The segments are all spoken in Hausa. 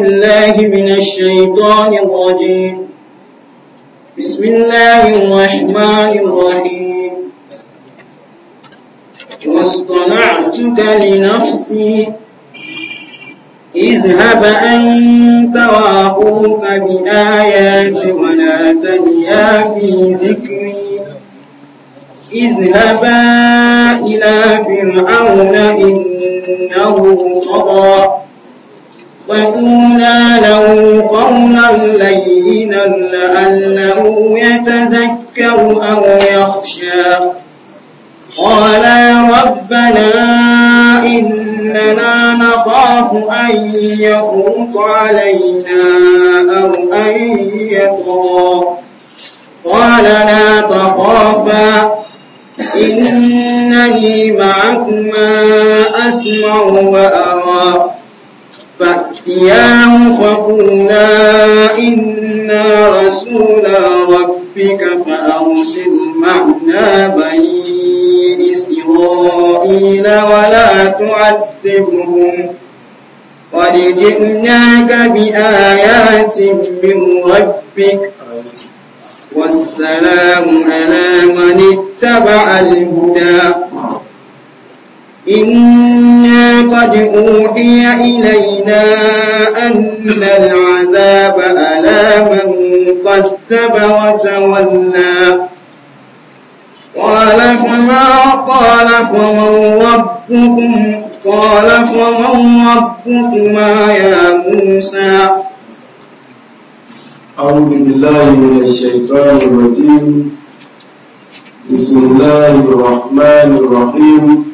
الله من الشيطان الرجيم بسم الله الرحمن الرحيم واصطنعتك لنفسي اذهب أنت وأخوك بآياتي ولا تنيا في ذكري اذهبا إلى فرعون إنه طغى وقولا له قولا لينا لعله يتذكر أو يخشى قالا ربنا إننا نخاف أن يفرط علينا أو أن يطغى قال لا تخافا إنني معكما أسمع وأرى يا فقولا إنا رسول ربك فأرسل معنا بني إسرائيل ولا تعذبهم قد جئناك بآيات من ربك والسلام على من اتبع الهدى إنا قد أوحي إلينا أن العذاب ألا من كذب وتولى قال فما قال فمن ربكم قال فمن ربكما يا موسى أعوذ بالله من الشيطان الرجيم بسم الله الرحمن الرحيم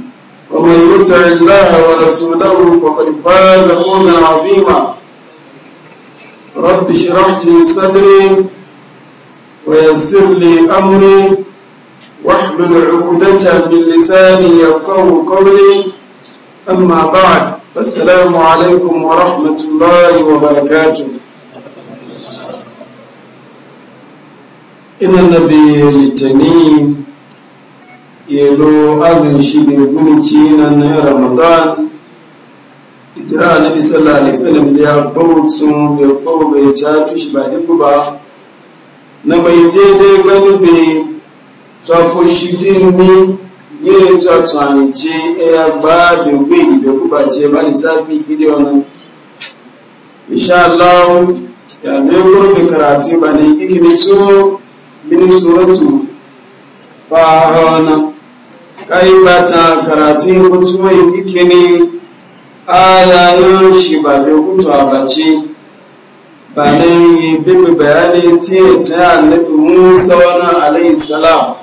ومن يطع الله ورسوله فقد فاز فوزا عظيما رب اشرح لي صدري ويسر لي امري واحلل عقدة من لساني يفقه قولي اما بعد السلام عليكم ورحمة الله وبركاته إن النبي لتنين yelo azun shi bin gulici na na ramadan itira nabi sallallahu alaihi wasallam da ya bautu da ko bai ja tushi ba din ba na bai daidai gani bai tsafo shi dirmi ne ta tsanci e ya ba da gwi da kuba ce ba ni safi gidi wannan insha Allah ya ne gurbin karatu ba ne kike ne so mini suratu ba na kai bata karatun kutuwa yake ne yayin shi ba bai kutuwa ba ce ba na yi bibi bayani tiye ta annabi musa wani alayhi salam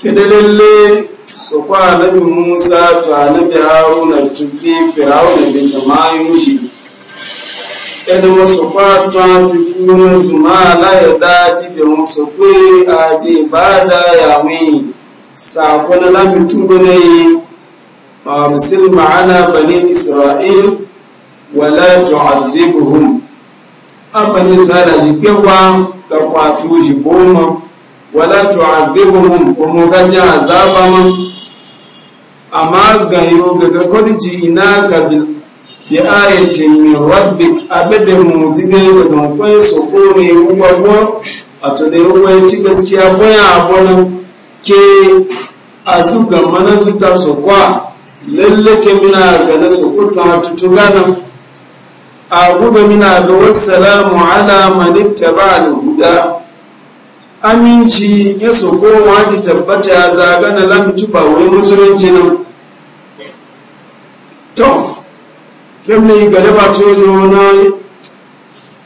kidalalle su kwa annabi musa to annabi haruna tufi firawuna bai kama shi ɗan wasu kwata tufi wasu ma ala ya daji da wasu kwe a je ba da yawon sakon na mutum tuba fa musul ma'ana bani isra'il wala tu'adhibuhum abani sala ji kewa da kwatu bomo goma wala tu'adhibuhum kuma ja azaba man amma ga yo ga kodiji ina ka bi ayatin min rabbik abada mu'jiza daga kwai so ko ne a to da ruwa ti gaskiya boya abona. ke a su gama na su ta su kwa lallake ke ga na su kuta tutu gana a gube muna ga wassalamu ala manitta ba alhuda aminci ya su koma ji tabbata zaga na lamci ba wani musulunci nan to kemne ga da ba to yi na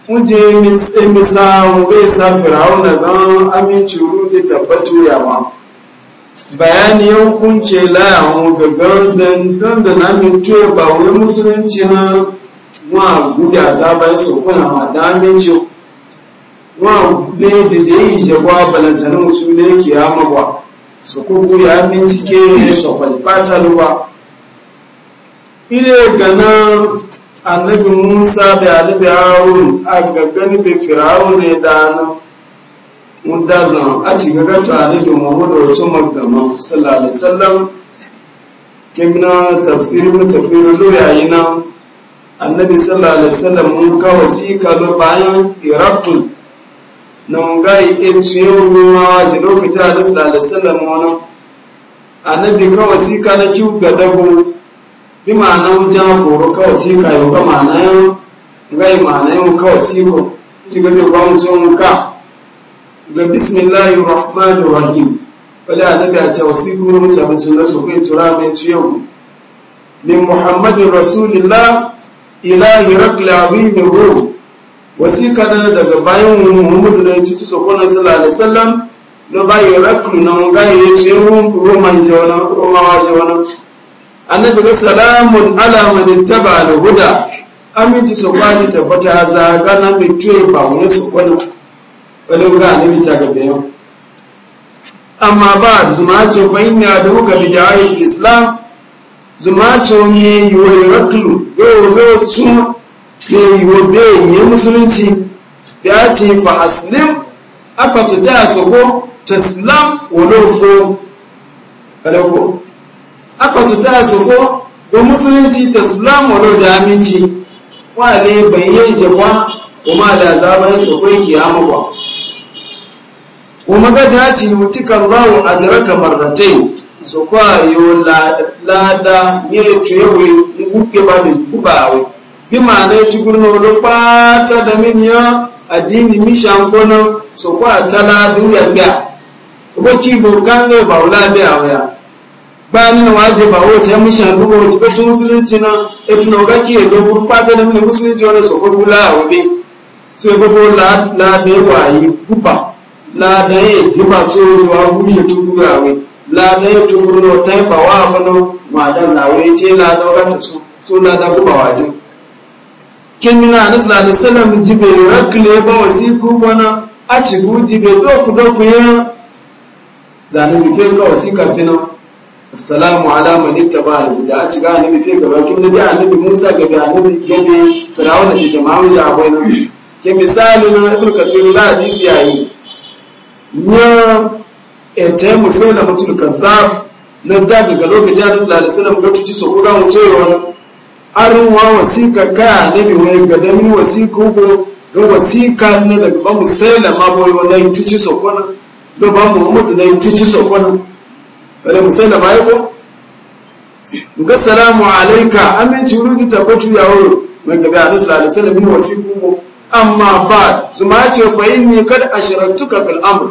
muje misa eh, mu ga sa fir'auna don aminci ruɗe tabbatu yawa bayani ya hukunce layan gaggar don da na mintuwa ba wani musulunci na wa guda zabayin sokuna ma da daminci wa ne da da yi jagwa balantanin mutum ne ke yama ba su kuku ya bincike ne su kwalfatalwa ile ganin annabi musa da annabi harun a gaggani bai firawo ne da nan mudda zan a ci gaga tare da muhammadu wacce magdama sallallahu alaihi wasallam kimna tafsirin da kafir lo na annabi sallallahu alaihi wasallam mun ka wasika lo bayan iraqul na mun ga etu yau ma shi lokacin da sallallahu alaihi wasallam wannan annabi ka wasika na ki ga dago bi ma'ana ja foro ka wasika yau ga ma'ana yau ga ma'ana yau ka wasiko ki gani ba mun mun ka ga bismillahir rahmanir rahim wala annabi a cewa sai kuma mutane sun da su kai tura mai ciyo min muhammadin rasulillah ila hirakli azimin ruh wasika da daga bayan muhammadu da ya ci su kona sallallahu alaihi wasallam no ba na nan ga ya ci roman jawana romawa jawana annabi ga salamun ala man ittaba al huda aminci su kwaji tabbata za ga na mai tuye ba wani su kona wani ga annabi ta ga bayan amma ba zuma ce fa da muka bi da ayatul islam zuma ce ne yiwo rattulu yau ga su ne wa bayan musulunci ya ce fa aslim aka tuta su ko islam wani fo ko aka tuta su ko ko musulunci ta islam wani da aminci wa ne bayyana jama'a kuma da zaben su kai kiyama ba kuma ga ta ci mutukan lawo a diraka marratai su kwayo lada ne cewe guke ba da kubawe bi ma na ji gurno da fata da miniya addini mishan kono su kwa tala duniya ga kuma ki bokan ga ba wula da yawa bayan nuna waje ba wace ya mishan duba wace bacci musulunci na ya tuna ga ki ya dogo fata da mini musulunci wani su kwa wula a wabe sai gbogbo láàbẹ̀ wà yìí gúbà láàbẹ̀ yìí gúbà tí ó yọ agúnṣe tó gúbà wẹ̀ láàbẹ̀ yìí gbogbo ọ̀tá ìpà wà mọ́nà mà dáza wẹ̀ jẹ́ láàbẹ̀ ọ̀gá tó sún tó láàbẹ̀ gúbà wà jù. kímínà ní sẹ́lẹ̀m assalamu ala a annabi fi gaba kin annabi Musa gaba annabi gaba ke misali na ibn kathir la hadisi yayi nya ente musaila mutul kadhab na da daga lokaci annabi sallallahu alaihi wasallam ga tuci so kuga mu cewa wa wasika ka nabi wai ga da ni wasika ko ga wasika ne daga ba musaila ma boyo na tuci so kona do ba muhammadu ne tuci so kona wala musaila ba yako ga salamu alayka amin juluju ya yawo mai gaba annabi sallallahu alaihi wasallam wasika ko amma ba zuma ce fa inni kad asharantuka fil amr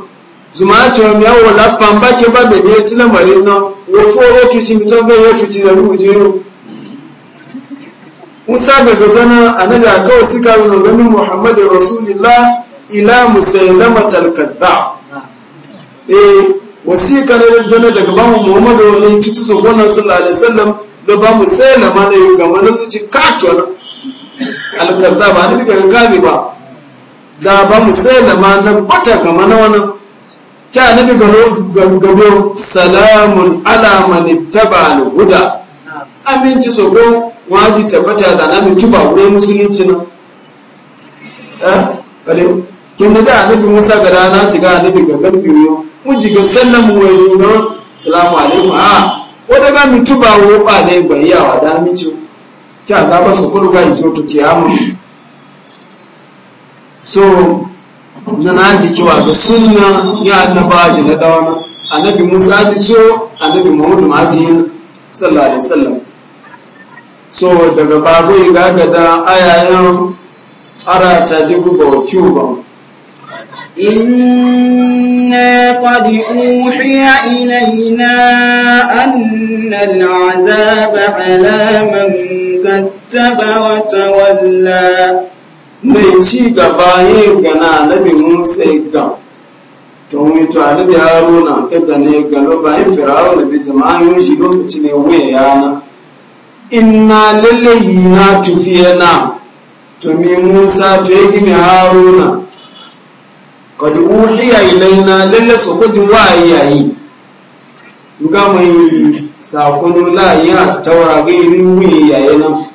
zuma ce mi awo la pamba ke ba be ne tila mari na wo foro tuci mi ton be yo tuci da ru je yo musa ga gazana annabi aka ga min muhammadu rasulullah ila musaylama tal kadda eh wasika ne ne daga ba muhammadu ne tuci su gona sallallahu alaihi wasallam da ba musailama ne ga mana zuci katona alkaza ba ni daga gabi ba da ba mu sai da ma na kwata kama na wani kya na daga gabo salamun alamani ta ba ni huda aminci so ko waji tabbata da na mutu ba wurin musulunci na eh bale kin da annabi Musa gada na ci ga annabi ga karfi yo mun ji ga sallamu wa yi salamu alaikum a ah, ko da ba mutu ba wo ba ne bayawa da aminci kí za ba su ìjọ yi zo tuki amu so na ji kiwa da sunna ya annaba ji na dawana annabi musa ji so annabi muhammadu ma ji sallallahu alaihi wasallam so daga babu ga gada ayayen ara ta dubu ba ba inna qad uhiya ilayna an إن العذاب على من كذب وتولى mai ci gaba yin gana annabi musa ga domin to annabi haruna kada ne ga bayan firawun da bi jama'an shi lokaci ne wuya yana inna lallahi na tufiyana to mi musa to yi gini haruna kadi wúhíyà ilẹ̀ iná lẹ́lẹ́sọ̀ kó ti wá ayé ayé sakonu la'ayya taurari riwuyi yayi nan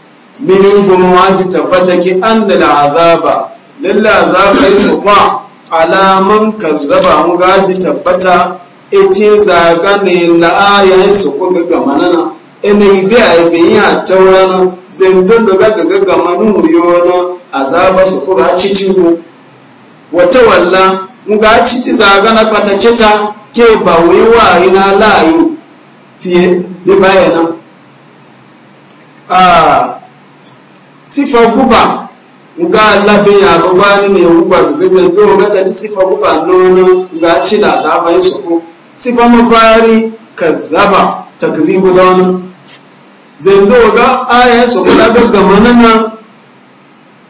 minin kuma ji tabbata ki an da azaba lalla azaba yi su kwa alaman kazzaba mu gaji tabbata ite zaga ne ya su ko ga manana ina bi a ibe yi a taurana zindin da ga gaga manu yona azaba su ko ci cici mu wata walla mu gaji ci zaga na ta ke ba wai wa ina la'ayi fiye zai baya nan a sifa guba nga labe ya roba ni ne guba bi zai do ga ta sifa guba nono ga ci na zaɓa yi soko sifa mafari ka takribu da wani zendo ga aya soko na gaggama nan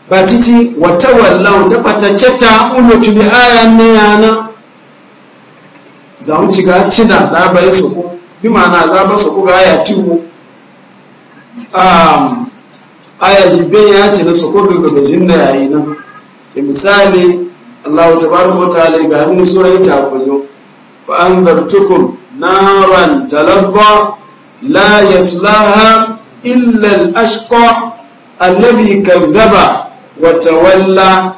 ba titi wata wallan ta fatacce ta unutu bi aya na yana za mu ci ga ci na zaɓa yi soko bi ma'ana za ba su kuga aya tiwo aya jibbin ya ce na su kuga gabajin da yayi nan ke misali allahu tabaraka ta ta'ala ga hannun surai ta kuzo fa an zartukum naran talazza la yaslaha illa al-ashqa alladhi kadhaba wa tawalla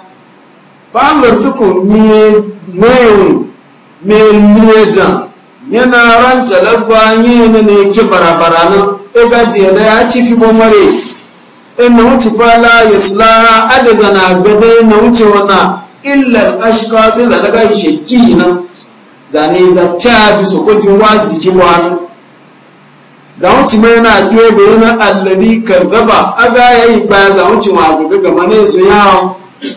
fa an zartukum ne mayu me yana ran talabba ne na ne ke barabara nan e ga je da ya ci fi bomare in e na wuce fala ya sulara adaza na gada na wuce wana illa ashka sai da daga sheki nan zane za ta bi so ko jin wazi ki wani za wuce mai na jobe yana allabi kazzaba aga yayi ba za wuce wa gaga ga mane su yawo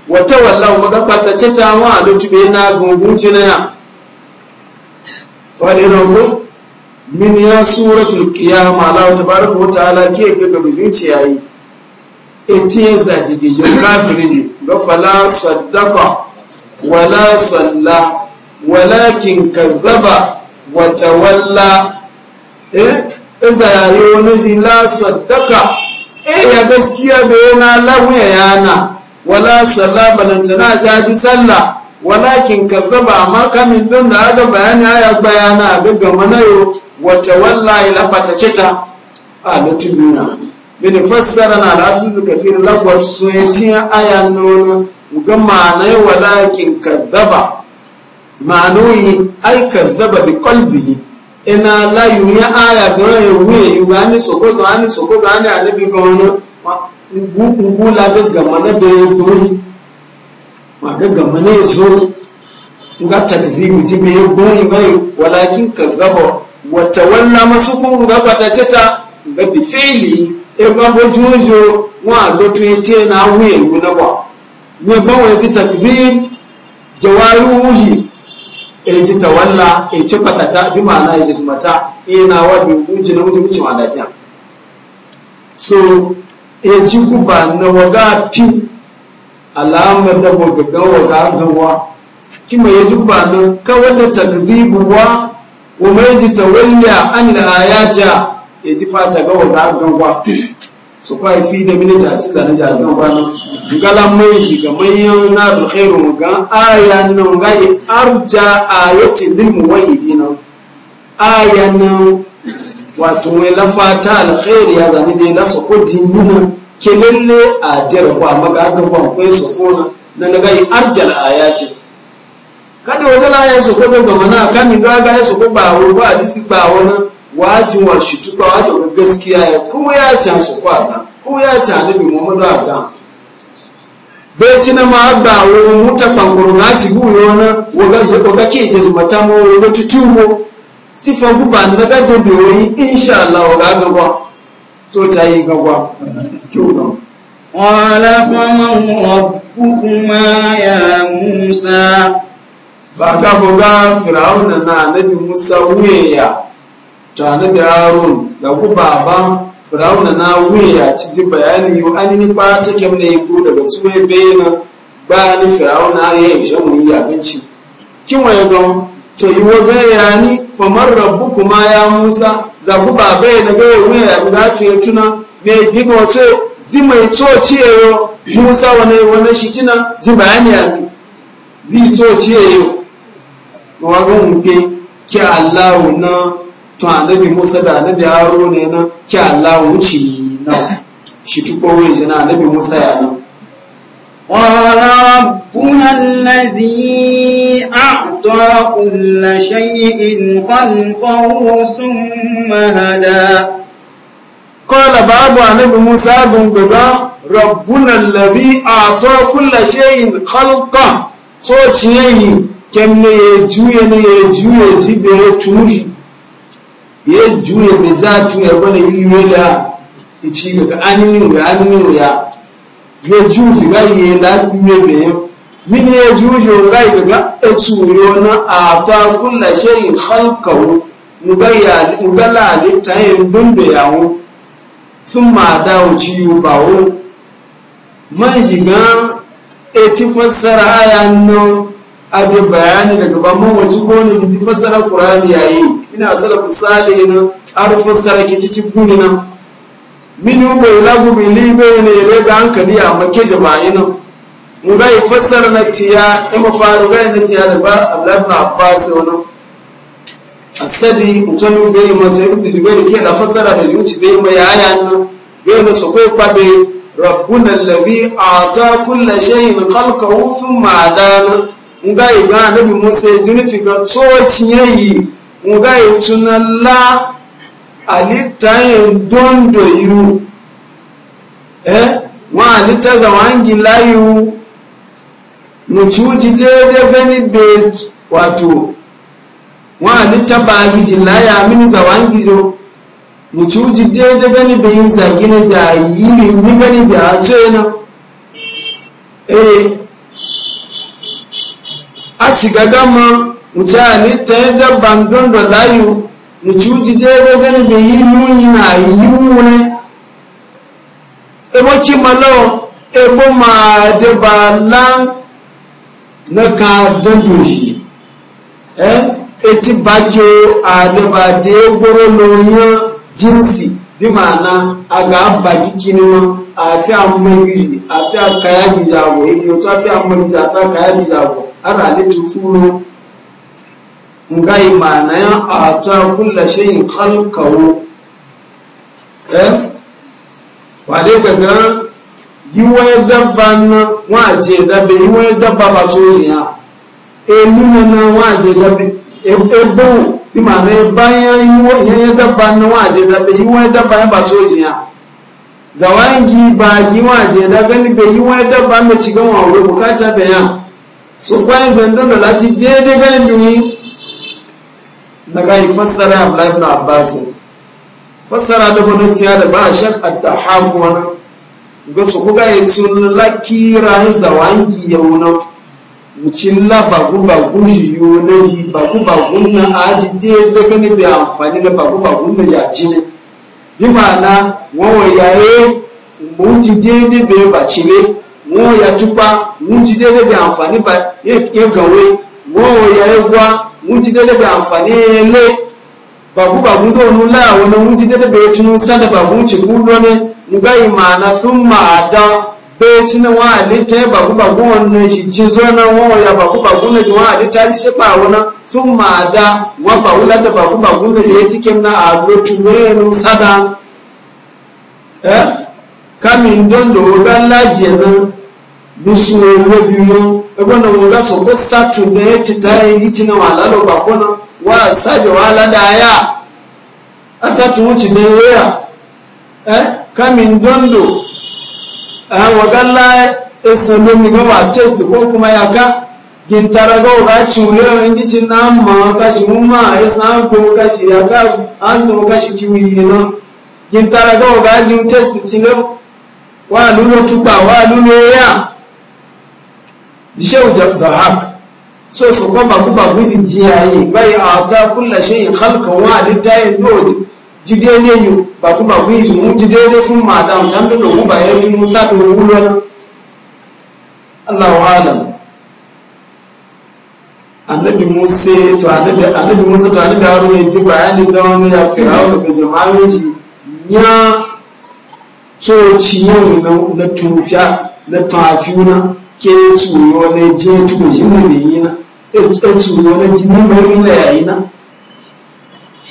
wata wallahu magabata ce ta wa lutube na gungun jinaya wani roko min ya suratul qiyama Allah tabaraka wa ta'ala ke ga gabin ce yayi etiye za dide yo kafiri ga fala saddaqa wala salla walakin kazzaba wa tawalla eh iza yayi wani la saddaqa eh ya gaskiya bai yana lamuya yana wala salla balantana ta ji sallah walakin kazzaba amma kamin don da aga bayani aya bayana gaggama na yau wacce wallahi lafata cita a latubina mini fassara na lafizu kafin lagwar soyayyen aya nuna ga ma'anai walakin kazzaba ma'anoyi ai kazzaba bi kalbihi ina layu ya aya ga ya wuye yi ga ni soko ga ni soko ga ni anabi ga wani gugula gaggama na da ya maga gama ne zo nga takzibu ji me goyi bai walakin kazzaba wata walla masu kun ga batace nga ga bifeli e ba bo jojo wa do to yete na wuye guna ba ne ba wa yete takzib jawaru wuji e ji tawalla e ci patata bi ma'ana e ji mata ina e wa bi wuji na wuji mutum alajan so e ji guba na waga piu alama da ga wa gawa kima ya jubba nan kawai da takzibu wa wa mai ji tawalliya an da ayaja ya ji fata ga wa gawa su kwai fi da minita a cikin zanen jami'an kwano gala mai shiga manyan na alkhairu ga aya nan ga yi arja ayatin lil muwahidi nan aya nan wato mai lafata alkhairi ya zane je na kudi nan ke lalle a jar kwa maka aka ban kai su kona na na gai arjal ayati kada wata la ya su ko ga mana kan ni ga ya su ko ba wa ba disi ba wana wajin wa shi tuka wa da gaskiya ya kuma ya ci su kwa da kuma ya ci bi Muhammadu aga bai ci na ma ba wa muta kankuru na ci guyo wana wa ga je ko ga ke je su mata mu wa tutumo sifan ku ba na ga je bi wani insha Allah wa ga gaba tó ta yìí gbogbo tó gbọ́. ọ̀la fọmọ ọ̀bùkù máa yà musa. bàbá bọ́gá fìràwọ̀ nana anabi musa wúyẹ̀yà tó anabi harun gbogbo bàbá fìràwọ̀ nana wúyẹ̀yà ti di bayani yìí wọ́n á ní nípa tó kẹ́m na ikú daga tuwe ba ni fìràwọ̀ na yẹ ìṣẹ́ wọn yìí abinci. kí wọ́n yẹ gan to yi bẹ́ẹ̀ yà ni fọmọ rabbu kuma ya musa. zabu ba bai na gaya wuya ya guda tuye tuna mai gina wace zima ya to yo musa wani wani shi tuna ji bayani ya ni zi to ciyeyo ma wagon muke ki allahu na to annabi musa da annabi haro ne na ki allahu wuce na shi tuko wai jina annabi musa ya nan قال ربنا الذي أعلم وأعطى كل شيء خلقه ثم هدى قال باب عن موسى بن ربنا الذي أعطى كل شيء خلقه tsociyayi kemne ya juye ne ya juye jibe ya tumushi ya juye bai za tuya bane yiwuwa da ya ci ya juji yi mini ya jujo gai ga e tsuyo na a ta kulla shayin halkawo mugala halitta yin dundu yawo sun ma dawo ciyo ba wo man shiga eti fassara aya nan bayani daga ba mun wace ko ne ki fassara ina salafu salih na ar fassara ki ci tibuni na minu bai lagu bi libe ne daga hankali a make jama'i nan ngai fassara na tiya in mafaru gai na tiya da ba abdullahi na abbas wani asadi mutum bai ma sai ibnu jubair ke da fassara da yuci bai ma yaya nan bai na su kai kwabe rabbuna allazi ata kulli shay'in khalqahu thumma adana ngai ga nabi musa fi ga tsoci yayi ngai tunalla alitayen dondo yu eh wa alitaza wangi layu mu cuji daidai gani be wato wani taba gizi laya mini zawan gizo mu cuji daidai gani be yin zagi na jayiri ni gani be a ce na eh a shiga gama mu ci halitta yadda bandon da layu mu cuji daidai gani bai yi nuni na yi wune ebo kimalo ebo ma e ba lan na ka dando shi eh eti bajo adaba de gboro loyan jinsi bi ma'ana a ga abba kiki a fi amma yi a fi aka ya bi zawo otu a fi amma yi zafi aka ya bi zawo har halittu fulo nga yi ma'ana ya a ta kulla shayin halkawo eh wale gaga iwe dabba na waje dabbe iwe dabba ba so ya elu na na waje dabbe ebo e bi ma na e iwe dabba na waje dabbe iwe dabba ba so ya zawangi ba gi waje dabbe ni iwe dabba me ci gama wa bukata be ya so kwayan zandan da lati daidai ganin duni daga yi fassara abdullahi abbas fassara da gwamnati da ba shak at-tahammum ga su kuka yi tun laki rai zawangi yau na mucin la bagu bagu shi yiwu na shi bagu na aji je da gani bai amfani da bagu bagu na yaci ne bi ma'ana wawan yaye muji daidai bai baci ne wawan ya tupa muji daidai bai amfani ba ya gawe wawan yaye gwa muji daidai bai amfani ya le bagu bagu da wani la wani muji daidai bai tunu sada ba ci gudu ne ngai mana sun ma'ada beci na wa halitta ya baku baku wannan shi ji zo na wawa ya baku baku na ji eh? na ya tike na sada eh kamin don da wuga lajiya na musu na biyu ebe na wuga so ko satu e da ya ti ta yi gici na wa lalo baku na wa saje wa lada ya asatu wuce da ya eh kamin dondo a wagalla isan lomi gama test ko kuma ya ka gintara ga ga cule in gici na ma ka shi mun ma isan ko ka shi ya ka an so ka shi kiwi ina gintara ga ga jin test cile wa lulo tupa wa lulo ya shehu da haka so su kuma ba kuma guzi jiyaye bai a ta kulla shi halkan wa littayin dodi Jide daidai yi ba ku yi mu jide daidai sun madam can da mu ba ya ji musa da wulon Allahu alam annabi musa to annabi annabi musa to annabi haruna ji bayani da wani ya fir'auna da jama'an shi ya coci yau na na tufiya na tafiyuna ke na je tuba shi na bayina e, e tsuyo na jini mai yayi na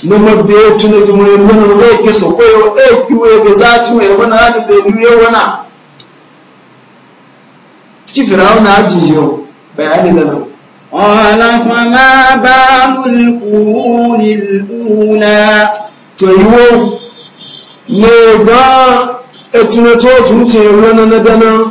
na mabbe ya tuna zuma ya nuna wai ki so koyo eh ki wai za ci wai wani hadi sai ni ya wana ki firawuna ajiyo bayani da nan قال فما بال القرون الأولى تيوم ne ga etunato tunce wani na danan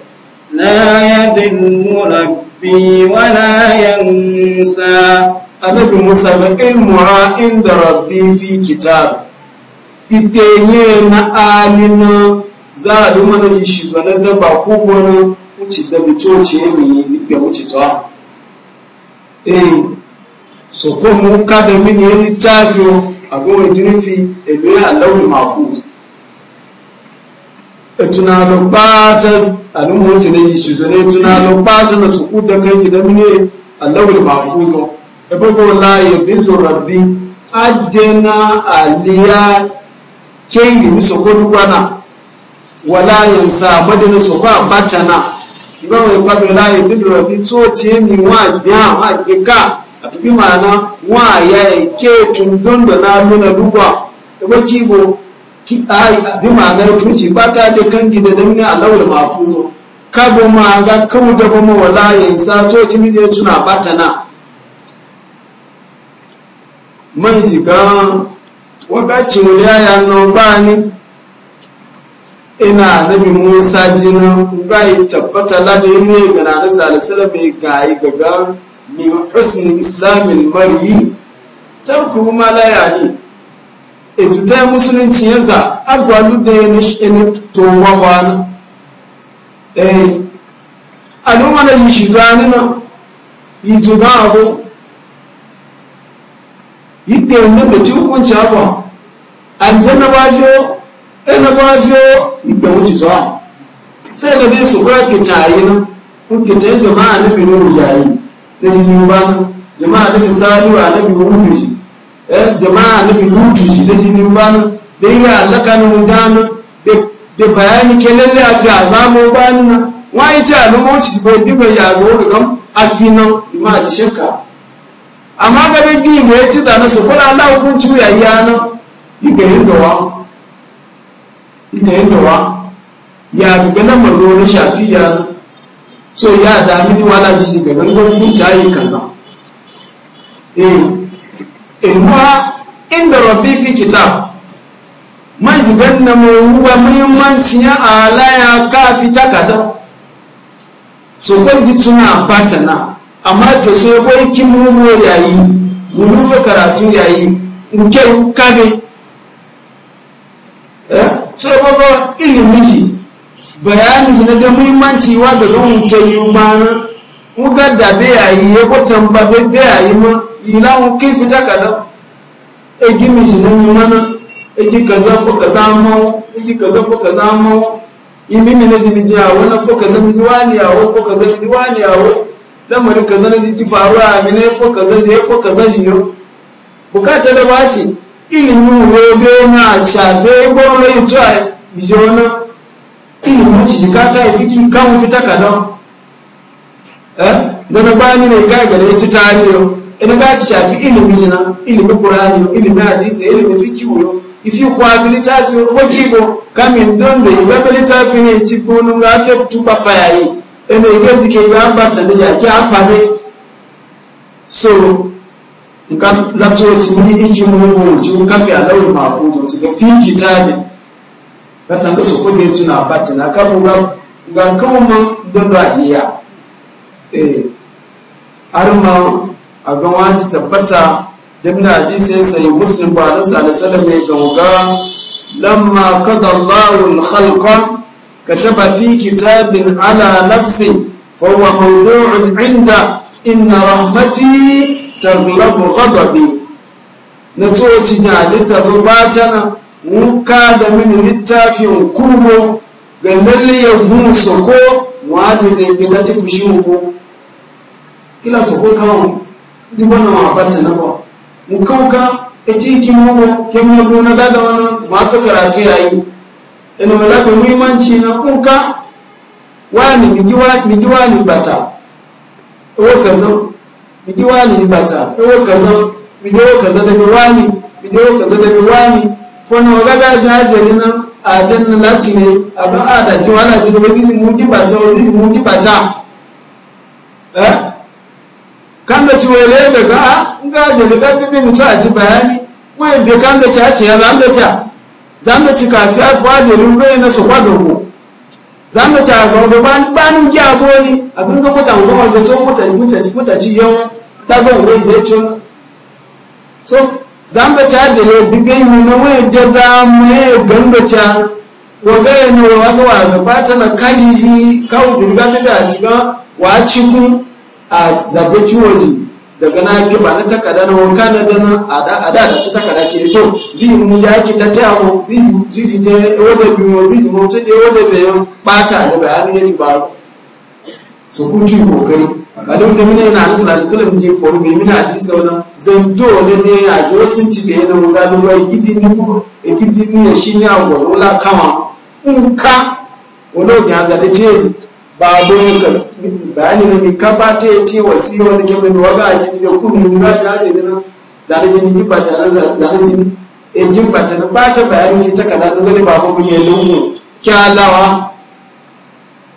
لا يضل ربي ولا ينسى annabi موسى na ilmuha inda rabbi fi kitab itenye na alina za a duma na yi shugana da ba ko wani wuce da mutoci ya mai ya wuce ta eh so ko mu ka da mini littafi a goma jirfi ebe ya launi mafu tuna lo bata alumma wuce ne ji cuto ne tuna lo bata na su kuda kan gida mine allahul mahfuzo e bago la yadillu rabbi ajena aliya keyi mi so ko dukwana wala na madina so ba batana iba wa bago la yadillu rabbi to ce mi wa biya wa a atubi mana wa ya ke tundun da na nuna duba e ba kibo ki ai bi ma ga tuci bata da kan gida dan ne alawul mafuzo kabo ma ga kawu da kuma wala ya isa to ci mi je tuna batana man shiga wakaci wuliya ya no ba ni ina nabi musa jina bai tabbata la da ne ga na nabi sallallahu mai gayi gaga min husn islamil mar'i tarku ma la yani etuta musulunci ya za agwalu da ya nishini towa wani eh al'umma na yi shiga nina yi tuba abu yi ɗaya da ci hukunci abu aljanna ba jo ɗana ba jo da wuce tuwa sai da dai su kura kita yi nan kun kita yi jama'a na binu jayi na jini ba jama'a na misali wa na binu wuce Eh, jama'a na bilutu shi da shi ne bana da yi ga allaka na na da bayani ke lalle a fi a zamo bani na wani ta alumoci bai diba yago ga gam a fi nan ma ji shakka amma ga bai bi ga ya ci zane su kuna allah hukunci ya yi yana iga yin dawa iga yin dawa ya gaga na maro na shafi yana so ya dami ni wala ji shi ga gangon hukunci ayi kaza eh ilmuha inda rabbi fi kitab man zigan na mai ruwa muhimmanci ya alaya kafi takada so ko ji tuna batana amma to sai ko kimuro yayi mulufa karatu yayi muke kabe eh sai ko ko ilimi bayani zina da muhimmanci wa da don mutayi mana mu ga da be yayi ko tamba be yayi ma ina kin fita kada egi mi jinin mana egi kaza fo kaza mawo egi kaza fo kaza mawo imi e, mi ji mi jawo na fo kaza mi wani wo fo kaza mi wani yawo lamarin kaza ne ji faruwa mi ne fo kaza ji e, fo kaza jiyo bukata da baci ilimin robe na shafe gwamna ito a ijona ilimin ji ka yi fiki kan fita kadan eh da na bani ne kai ga da ya ci tariyo ina ga ci shafi ilimi jina ilimi qur'ani ilimi hadisi ilimi fikihu ifi kwa filitafi ko kibo kamin dondo iba filitafi ne ci gonu ga fe tuba payayi ina ga ke ya bata da yake amfani so nka lato ti mini inji mungu mu ji ka fi alawul mafudu ti ga fi kitabi ka tanga so ko ne tuna bata na ka mu ga ga kawo dondo aliya eh arma a ga wani tabbata na hadisi sai muslim ba da sada mai gauga lamma kada allahul khalqa kataba fi kitabin ala nafsi fahuwa mawdu'un inda inna rahmati taglabu ghadabi na tsoci jalita zo ba tana wuka da mini littafin kurmo ga ya gun soko wani zai bi tafi shi kila soko kawai ji bana ma bata na ba mu kauka e tinki mu ke mu daga wannan ma ka karatu yayi ina wala ko muhimmanci na kunka wani miji wani miji bata o kaza miji wani bata o kaza miji o kaza daga wani miji o kaza daga wani fona waga ga jajiri na adan na lati ne abin adaki wala ji da wasu mu di bata wasu mu di bata eh kanga ciwele daga a ah, nga je daga bibi mu a ji bayani wai bi kanga ci a ya zanga ci zanga ci kafi a fuwa je lumbe na su kwado ko zanga ci a gaba ban banu gi a boni abin ga kuta mu kuma zato kuta kuta kuta ji yau ta ga mu zai ci so zanga ci a je le bibi mu na wai je da mu ya ganga ci waga ya ne wa ga wa gaba ta na kajiji kawo zirga bibi a ci ga wa ci ku a zaɓe ciwoji daga na ki ba takada na wanka na dana a da ci takada ce to zai mu ya ki ta ta mu zai ji ta wanda bi mu zai mu ce da wanda bi mu bata da ya yake ba su ku ci kokari duk da mina yana na nasu da sulam ji foru bi mina a disa wannan zan do ne da ya ji wasu ci bai na mun ga wai gidi ni ku e gidi ni ya shi ne a gwaro la kama in ka wani ya zaɓe ce babun bayani ne mika ba ta yi ce wasi wani kemgbe ne waga a jiji bai kuma nuna na zanashi ni ba ta da zanashi e jin ba ta eh, ba ta bayani ta kana ne babun mun yi lungu kyalawa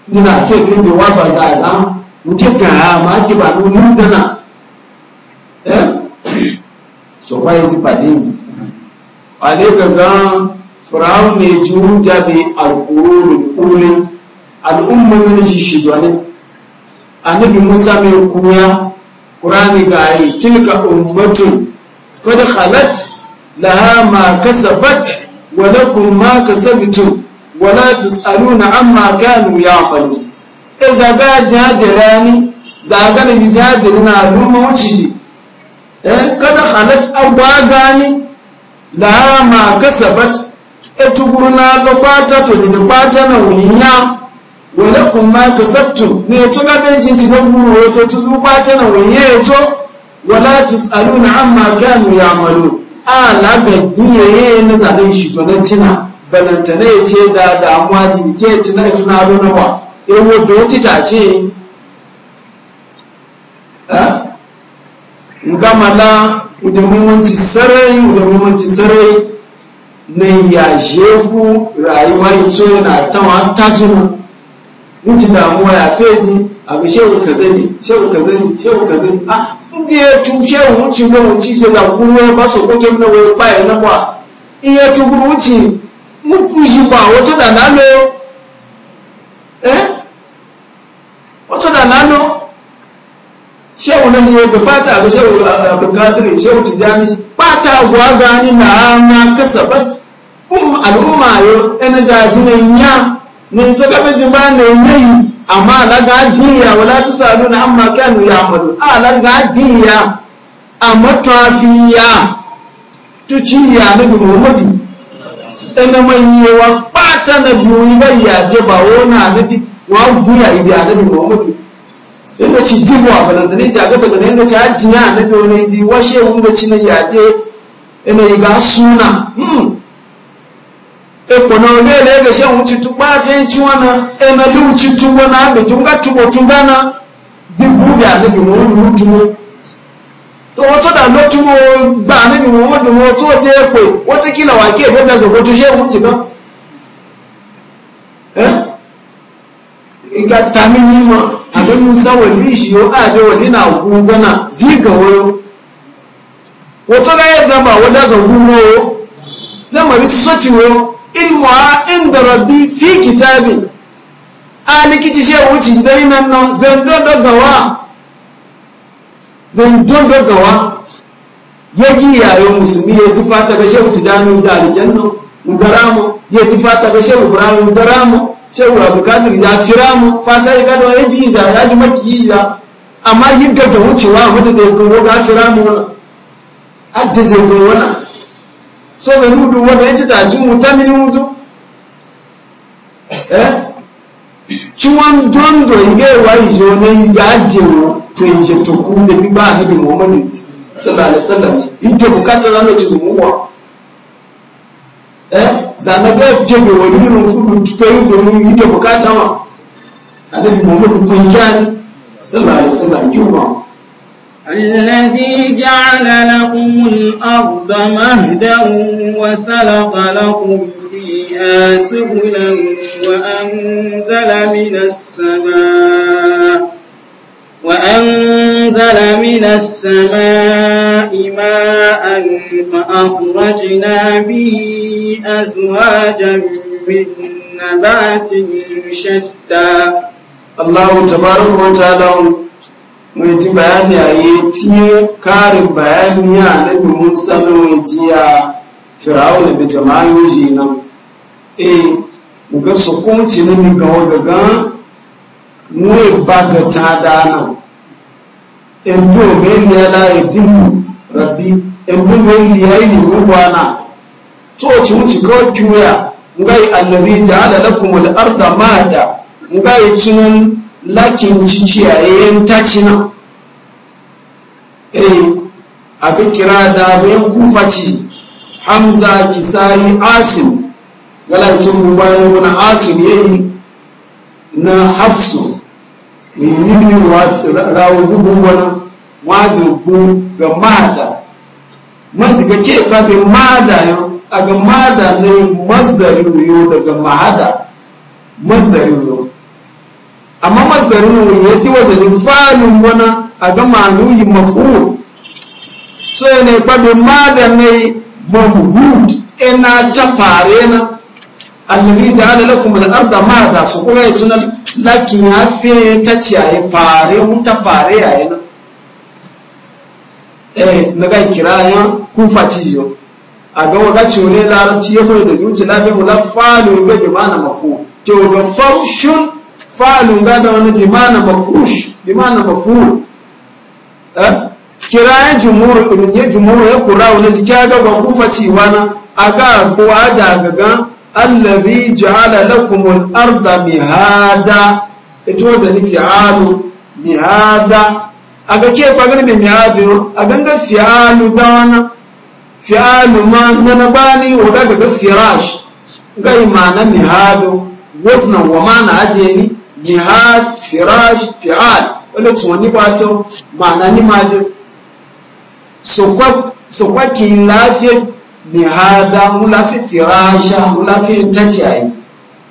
jina ke fi ne wa ba za a na mutum ka ma ki ba nun dana eh? so ba yi ji ba ne ale gaga firawun ne ji hujja bi kulin al'umma min shi ne annabi musa mai kuya qur'ani ga yi tilka ummatu qad khalat laha ma kasabat wa lakum ma kasabtum wa la tusaluna amma kanu ya'malun iza e ga jajirani zaga da jajiri na al'umma wuce shi eh kada khalat agwagani laha ma kasabat etuguru na ga kwata to da kwata na ya? walakum ma kasabtum ne to ga ben jinci don mu wato to zu ba ta na waye to wala tusaluna amma kanu ya'malu a la ga biye ne zaben shi to na cina balantane ya ce da damuwa ji ce tuna tuna ro na ba ewo eh, do ta ce ha ngamala da muhimmanci sarai da muhimmanci sarai ne ya sheku rayuwa ito yana ta wa miji damuwa ya feji abu shehu ka zani shehu ka zani shehu ka zani a ah, inda ya tu shehu wuce na wuce ce za ku ruwa ba su koke na wai bayan na kwa in ya tu guru wuce mutu shi ba wata da nalo eh wata da nalo shehu na je da fata abu shehu abu kadiri shehu tijani fata gwa gani na na kasabat um, al'umma yau ɗan jajinin ya min ta kabe jima na yayi amma la ga biya wala tusaluna amma kanu ya'malu a la ga biya amma tafiya tuciya na muhammadu ina mai yawa bata na biyu bai ya je ba wona na bi wa guya ibi a na muhammadu ina ci jibo a balanta ne jaga daga ne ina ci hajjiya na biyu ne di washe wanda ci na yade ina yi ga suna hmm. kono ngele ga shan wuci tu ba ta yin ciwana e na lu ci tu wana be tun ga tu ko tun bi buga ne to wato da lo tu mo ba ne bi mo mo mo to de ko wata kila wa ke be da zo ko tu she wuci ga eh iga tamini ma abin musa wali shi yo a da wali na gugana ziga wayo wato ga yadda ba wanda zangu mo lamarin su so ci wayo ilmuwa inda rabbi fi kitabi a likici a wuce dai nan nan zan dodo gawa zan dodo gawa ya giyaye musulmi ya ti ta ga shehu tijani da aljanna udaramo ya ti fata ga shehu ibrahim udaramo shehu abdulkadir ya firamo fata ya gado ya bi ya ya ji maki yi ya amma yi ta wucewa wanda zai gogo ga firamo wannan adda zai gogo wannan so bɛ n'u dun wɔbɛ e ti taa ta mini mu dun ɛ tiwọn dondo yi ge wa yi zo ne ga di to yi to kun de bi ba ni bi mo mo sallallahu alaihi wasallam yi je bukata la no ti mu wa eh zanaga je be wani irin fudu tupe domin yi da bukata wa annabi muhammadu kun jani sallallahu alaihi wasallam yi الذي جعل لكم الأرض مهدا وسلق لكم فيها سبلا وأنزل من السماء وأنزل من السماء ماء فأخرجنا به أزواجا من نبات شتى الله تبارك وتعالى mai ji bayani a yi tiye karin bayani ya nabi musa na mai ji a firawuna da jama'in shi nan e ga su kunci na mi ga wagaga mai bagata dana ebu mai ne ya da edibu rabi ebu mai ne ya yi ruwa rubana coci wuce kawai kiwaya ngai allazi ja'ala lakum al-arda mahda ngai tunan lakin ci ciyayen tacina eh abin kira da bayan kufa ci hamza kisari asim galacin mubayin wani asim yi na hafsu mai yi rawo dubu wani wajirku ga mada masu ga ke kabe mada yau a ga mada na yi masdari yau daga mahada masdari yau amma masdarin ya ci wazanin falin wana a ga ma'anuhi maf'ul so ne kwabe madanai mamhud ina ta fare na allazi ta'ala lakum al-ardha da su kuma ya tunan lakin ya fi ta ciyaye fare mun ta fare yayin eh na ga kiraya kun faci yo a ga waga cione larabci ya koyi da zuci labe mu la falu ga bi na mafu to ga function fa'alun gada wani jimana mafush jimana mafuhu eh? kira ya jumuru irin ya jumuru ya kura wani jikiya ga ban kufa ciwana a ga kowa ja gaga allazi ja'ala lakum al-arda mihada ito wazani fi'alu mihada a ga ke fagar da mihadu a ganga fi'alu da wani fi'alu ma na na bani wa ga ga firash ga imana mihadu wasnan wa ma na ajiye ni jihad firash fi'al wanda tsohon ni bato ma'ana ni majo so kwaki lafi ni hada mu lafi firasha mu lafi taciyayi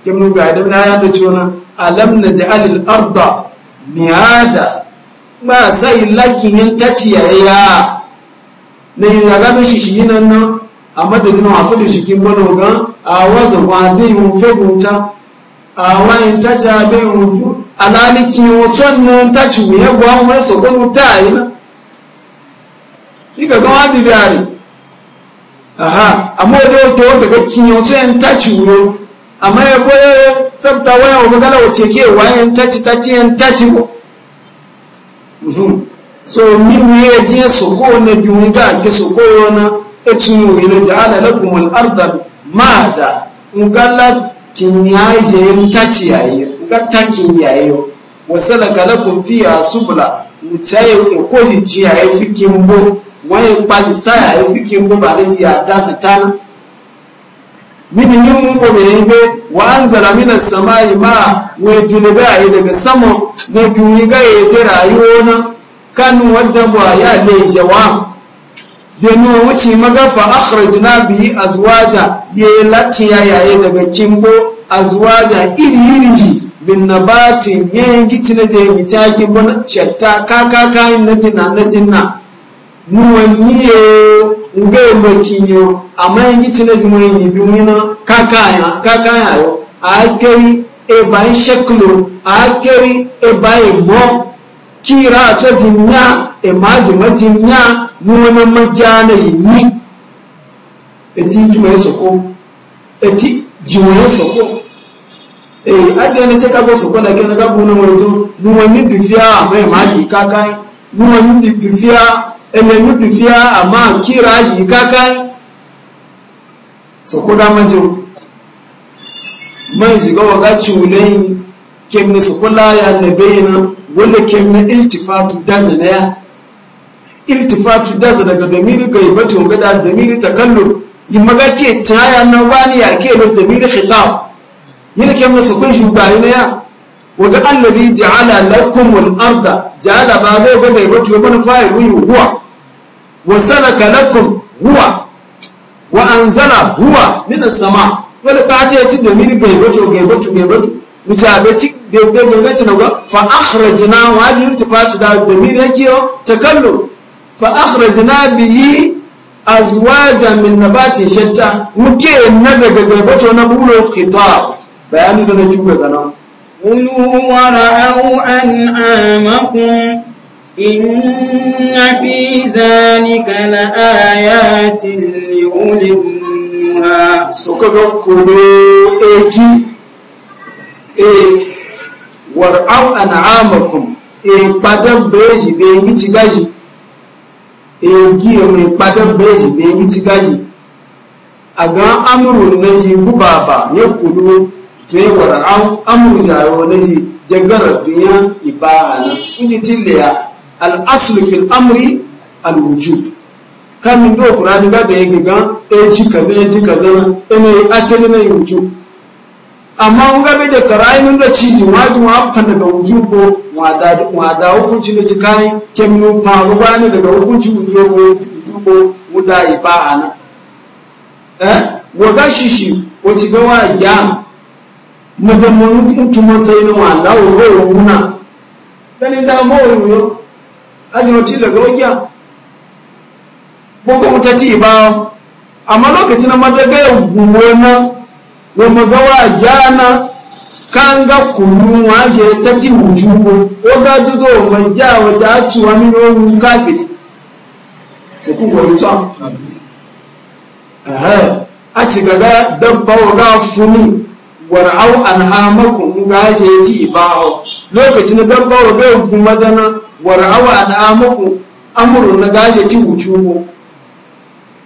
kim nu ga adam na ya da ciwon alam na ji alil arda ni hada ba sai lakin yin taciyayi ya na yi zaga shi shi nan nan a madadin wa fudu shi kin bano gan a wasu kwadin fegunta àwọn ìtajà abẹ́ òun fún aláàlìkì wọn tó ní ìtajà wòye bọ́ àwọn ẹ̀sọ̀ kó mú táà yìí ní wá dìde aha àmọ́ òde òtò ó dẹ̀gẹ́ kí wọn tó ń tájì wòye àmọ́ ẹ bọ́ ẹ fẹ́pútà wáyà wọn kálá wọ́n tiẹ̀ kí ń ẹ̀ ń so mímu yẹ jí ẹ sọ̀kó ọ̀nà bí wọn gá àgbẹ̀ sọ̀kó ọ̀nà ètùnú kin yaje mutaci yayi gatan kin yayi wasala kalakum fiya subla mutaye ko ji ji yayi fikin bo waye pali sa yayi fikin bo bare ji ada satana mini yin mun bo be be wa anzala minas samai ma wa junuba ayi daga sama ne kun yi ga yayi rayuwa na kan wadda ba ya le jawab denu wuce maga fa akhrajna bi azwaja ye latiya yaye daga kimbo azwaja iriji bin nabati ye gici na je mi ta kimbo shatta kaka kayin na jina na jina nuwa niyo nge lo kinyo amma ye gici na jimo ye bi wina kaka ya kaka ya yo a e ba shaklo a e ba e mo kira ta jinya emaji majinya nuna majana ni eti jumaye soko eti jumaye soko eh adene cheka go soko na kena ga buna to nuna ni difia ma emaji kakai nuna ni difia ele ni difia ama kiraji kakai soko da majo mai ziga ga chulei kemne soko la ya nebena wala kemne iltifatu dazana ya iltifatu dasa daga damiri ga ibati wa gada damiri takallu imaga ke taya na wani ya ke da damiri khitab yana ke masa kun shubayi na ya wa ga allazi ja'ala lakum al arda ja'ala ba ga ga ibati wa man fa'iru huwa wa sanaka lakum huwa wa anzala huwa min as-sama wala ba ta ci damiri ga ibati ga ibati ga ibati wuce abe ci ga ga ci na fa akhrajna wajin tifatu da damiri yake takallu fa akhrajna bihi azwajan min nabatin shatta muke na daga gabato na bulo khitab bayani da na juga gana qulu wa ra'u an'amakum inna fi zalika laayatin liulinha sokoga kulo egi e war'au an'amakum e padan beji be ngici gaji eyogi mai ikpadan beji mai yi cigaji a ga amuru na ji guba ba ya kudu to yi wara amuru jaro na ji jagara duniya ibara na kuji tiliya al'asulu fil amri alwujud kamin do kurani ga da ya gigan eji kaza eji kaza na ina asali na yi wujud amma mun gabe da karayin da ci waji wa fanna da wujubo da hukunci da ci kai kemno faru daga hukunci wujubo wujubo muda iba ana eh ga shishi o ci ga ya mu da sai na wa da wo wuna ajin daga wajiya boko mutati wamaga wa jana kanga kulu waje tati o oga dudo wamaja wata atu wa mino oru kafi kokun wani to aha ga gaga dabba ga funi war'au an'amakum ga je ti ibaho lokacin dabba war kuma dana ha maku amuru na je ti ko.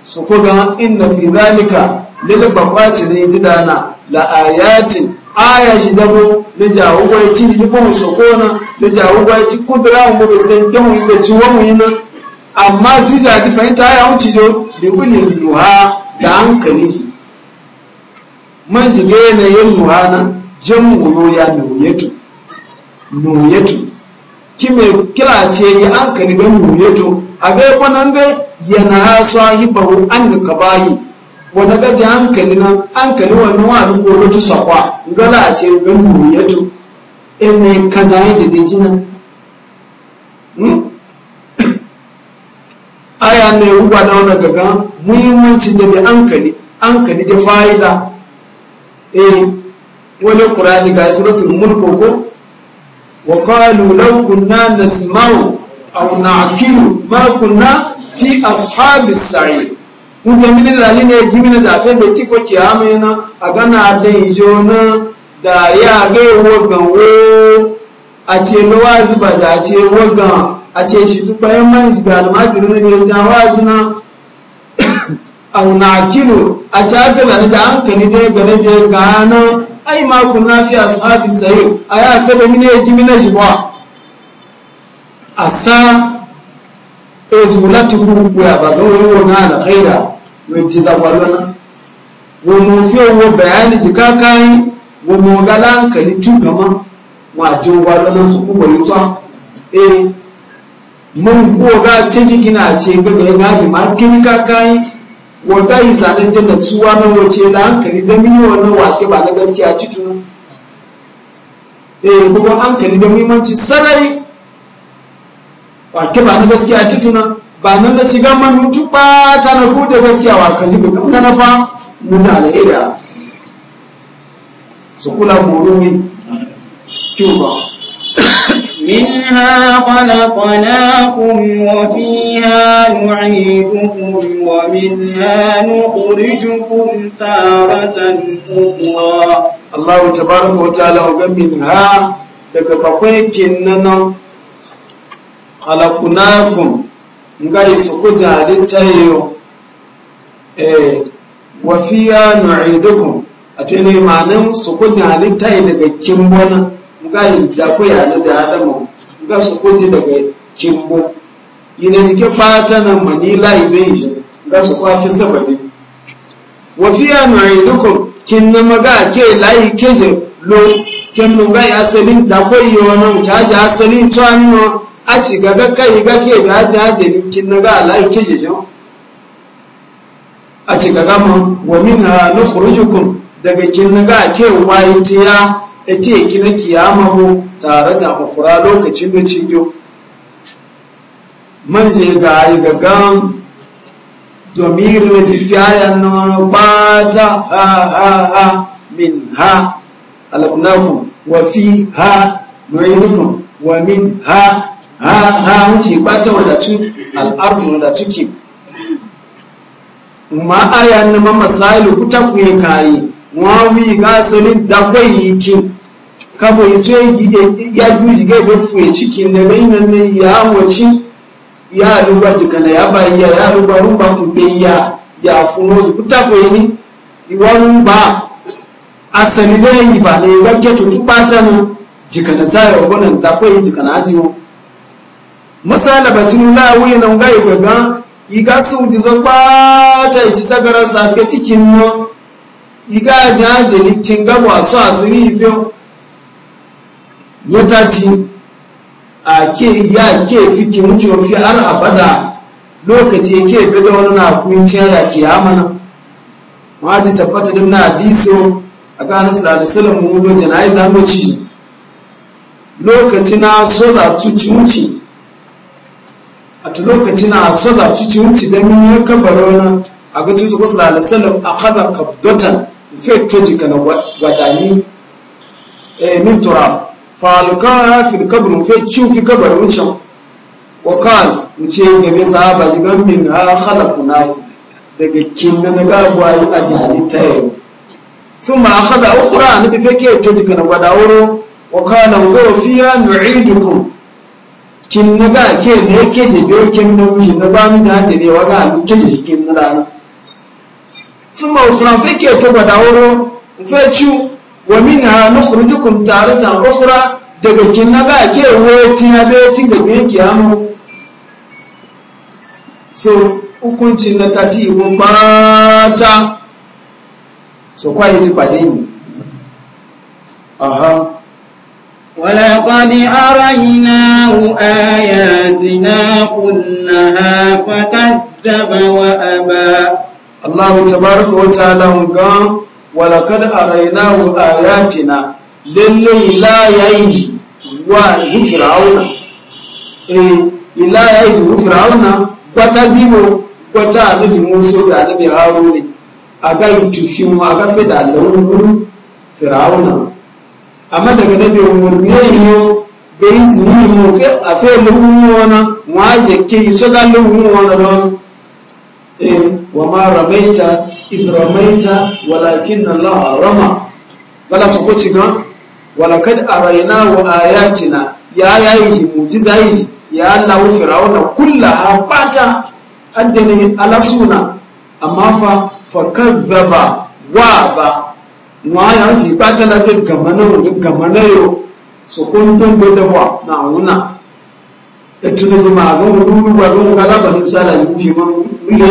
so ko ga inna fi zalika lele bakwaci ne ji dana la ayatin aya da mu na jawo gwai ci ni ba mu sokona na jawo gwai ci kudura mu be san ta mu be ci wa mu yina amma si sa ti fahimta aya mu ci do bi kulin duha ta hankali shi man shi ne na yin duha na jamu ya nuyatu ki kime kila ce yi hankali ga nuyatu a ga kwanan ga yana sahibahu an ka bayi wata gaji hankali nan hankali wannan wani goro tu sakwa gala a ce gan muriyatu in e ne zaye da dai jinan hmm? aya ne ruba da wani gaga muhimmancin da bi hankali hankali da fa'ida eh wani qur'ani ga suratul mulk ko wa qalu law kunna nasma'u aw na'qilu ma kunna fi ashabis sa'id nje mini da lini ya gimi na zafe bai tifo ki hame na a gana da ijo da ya ga iwo gan wo a ce ga wazi ba za a wo gan a ce shi duk bayan man shi ga almajirin na zai ja wazi na au na kilo a tafi da na hankali dai ga na zai gano ai ma kun na fi ashabi sayo a ya fi da mini ya gimi na shi ba a sa ezulatu kuku ya ba zo wani wa na alkhaira wetiza kwalona womofi owo bayani jikakai womogala hankali tukama wajen kwalona su kuma yutsa eh mun goga ce gina ce gaga ya gaji ma e, kin kakai wata yi zanen jin tsuwa na wace da hankali da mini wannan wake ba na gaskiya da muhimmanci sarai ba na gaskiya ba nan da shiga manu tuba ta na kuɗe ba siya wa kan jibin ɗan ganafa na ta alaƙira su kula buru min cuba minha khalaqnakum wa fiha nu'idukum wa minha nukhrijukum taratan ukhra Allah tabaraka wa ta'ala wa gam minha daga bakwai kinnanan khalaqnakum nga eh, sukuta halitta yiwu eh wafiya nu'idukum a manan ma'anin sukuta halitta yi daga kimbona nga da ku ya da adamu nga sukuti daga kimbo yana jike pata nan manila ibe nga su kwa fi sabani wafiya nu'idukum kin na maga ke lai keje lo kin nungai asalin da koyi wannan caji asalin tuwan a ci gaga kai ga ke ga ta haji ni kin na ga Allah ke shi jo a ci gaga mu wa minha nukhrijukum daga kin na ga ke wayi tiya ete kina kiyama mu tare da ukura lokacin da ci jo man je ga ai gaga domir na jifiya nan bata ha ha ha min ha alaknakum wa fi ha nu'idukum wa min ha ha wuce bata wadatu al'ardu wadatu ki ma aya na mama sailu kuta kuye kayi wawi ga sanin da kwai yikin kabo yace ya yi ga da fuye cikin da bai nan ne ya wace ya ruba jikana ya bayi ya ya ruba ruba kuɓe ya ya funo zu kuta fuye ni iwa ba asali dai ba ne ga ke tutu ɓata nan jikana ta yi wa gwanan da kwai jikana ajiyo masala bacin lawi na ngai gaga iga su ji zo ba ta yi sagara sa ke cikin no iga jaje ni kinga masu asiri fiyo ya ci a ke ya ke fiki mucho fi har abada lokaci ke bi da wani na kuncin ya ke nan ma ji tabbata din na hadiso a kanin sallallahu alaihi wasallam mu do janaiza mu ci lokaci na so za tuci wato lokaci na so da cici wuce da mun ya kabaro na a ga cikin wasu lalasalin a kada kabdotan fai to jika na gwadani eh, min tura faluka fi kabarin fai ciwo fi kabarin wucin wakal wuce gabe sahaba shi ga min ha halaku na daga kinna na gagwayi a jihani ta yau sun ma hada ukura na fi fake to jika na gwadawuro wakala wuwa fiya nu'idukum kin na ga ke da ya keje biyo kin na mushi na ba mu ta ne wa ga lu keje shi kin na rana sun ma ukura fe ke to ba daworo fe chu wa min ha nukhrijukum taratan ukhra daga kin na ga ke wo ti na be ti ga be ki amu so hukuncin na tati wo bata so kwa yi ti pade ni aha ولقد أريناه آياتنا كلها فكذب وأبى الله تبارك وتعالى قال ولقد أريناه آياتنا للي لا يجي وفرعون إيه لا يجي وفرعون وتزيبه kwata annabi musu da annabi haruni a ga tufi mu amma daga na bai umarni yiwu bai su ni mu a fe lugun wana mu ke yi so da wana don eh, wa ma ramaita idh ramaita walakin Allah rama bala su kuci ga walakad arayna wa ayatina ya yayi shi mujiza yi shi ya Allah wa fir'auna kullaha bata addani ala suna amma fa fakadzaba wa ba waya su bata na ga gamana ga gamana yo so kun don be da ba na wuna da e tuna ji ma ga mu duru ba ga mu ga la bani sala yi shi ma mu yi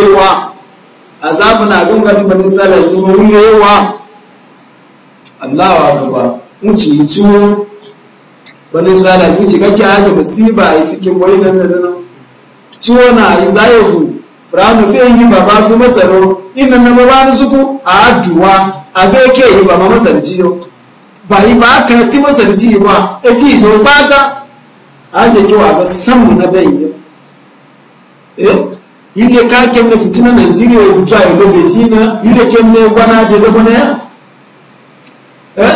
azabu na ga mu ga ni sala yi mu yi Allahu akbar mu ci ci ni sala yi ci kake aje musiba yi cikin wani nan da nan ciwo na yi zayo ranu fe yi ba ba fi masaro ina na ba ni a aduwa a ga ke yi ba ma masarci yo ba yi ba ka ti masarci ba e ti yo ba wa ga samu na bai yi eh ile ka ke na Najeriya ya buta ya shi na gwana gwana ya eh?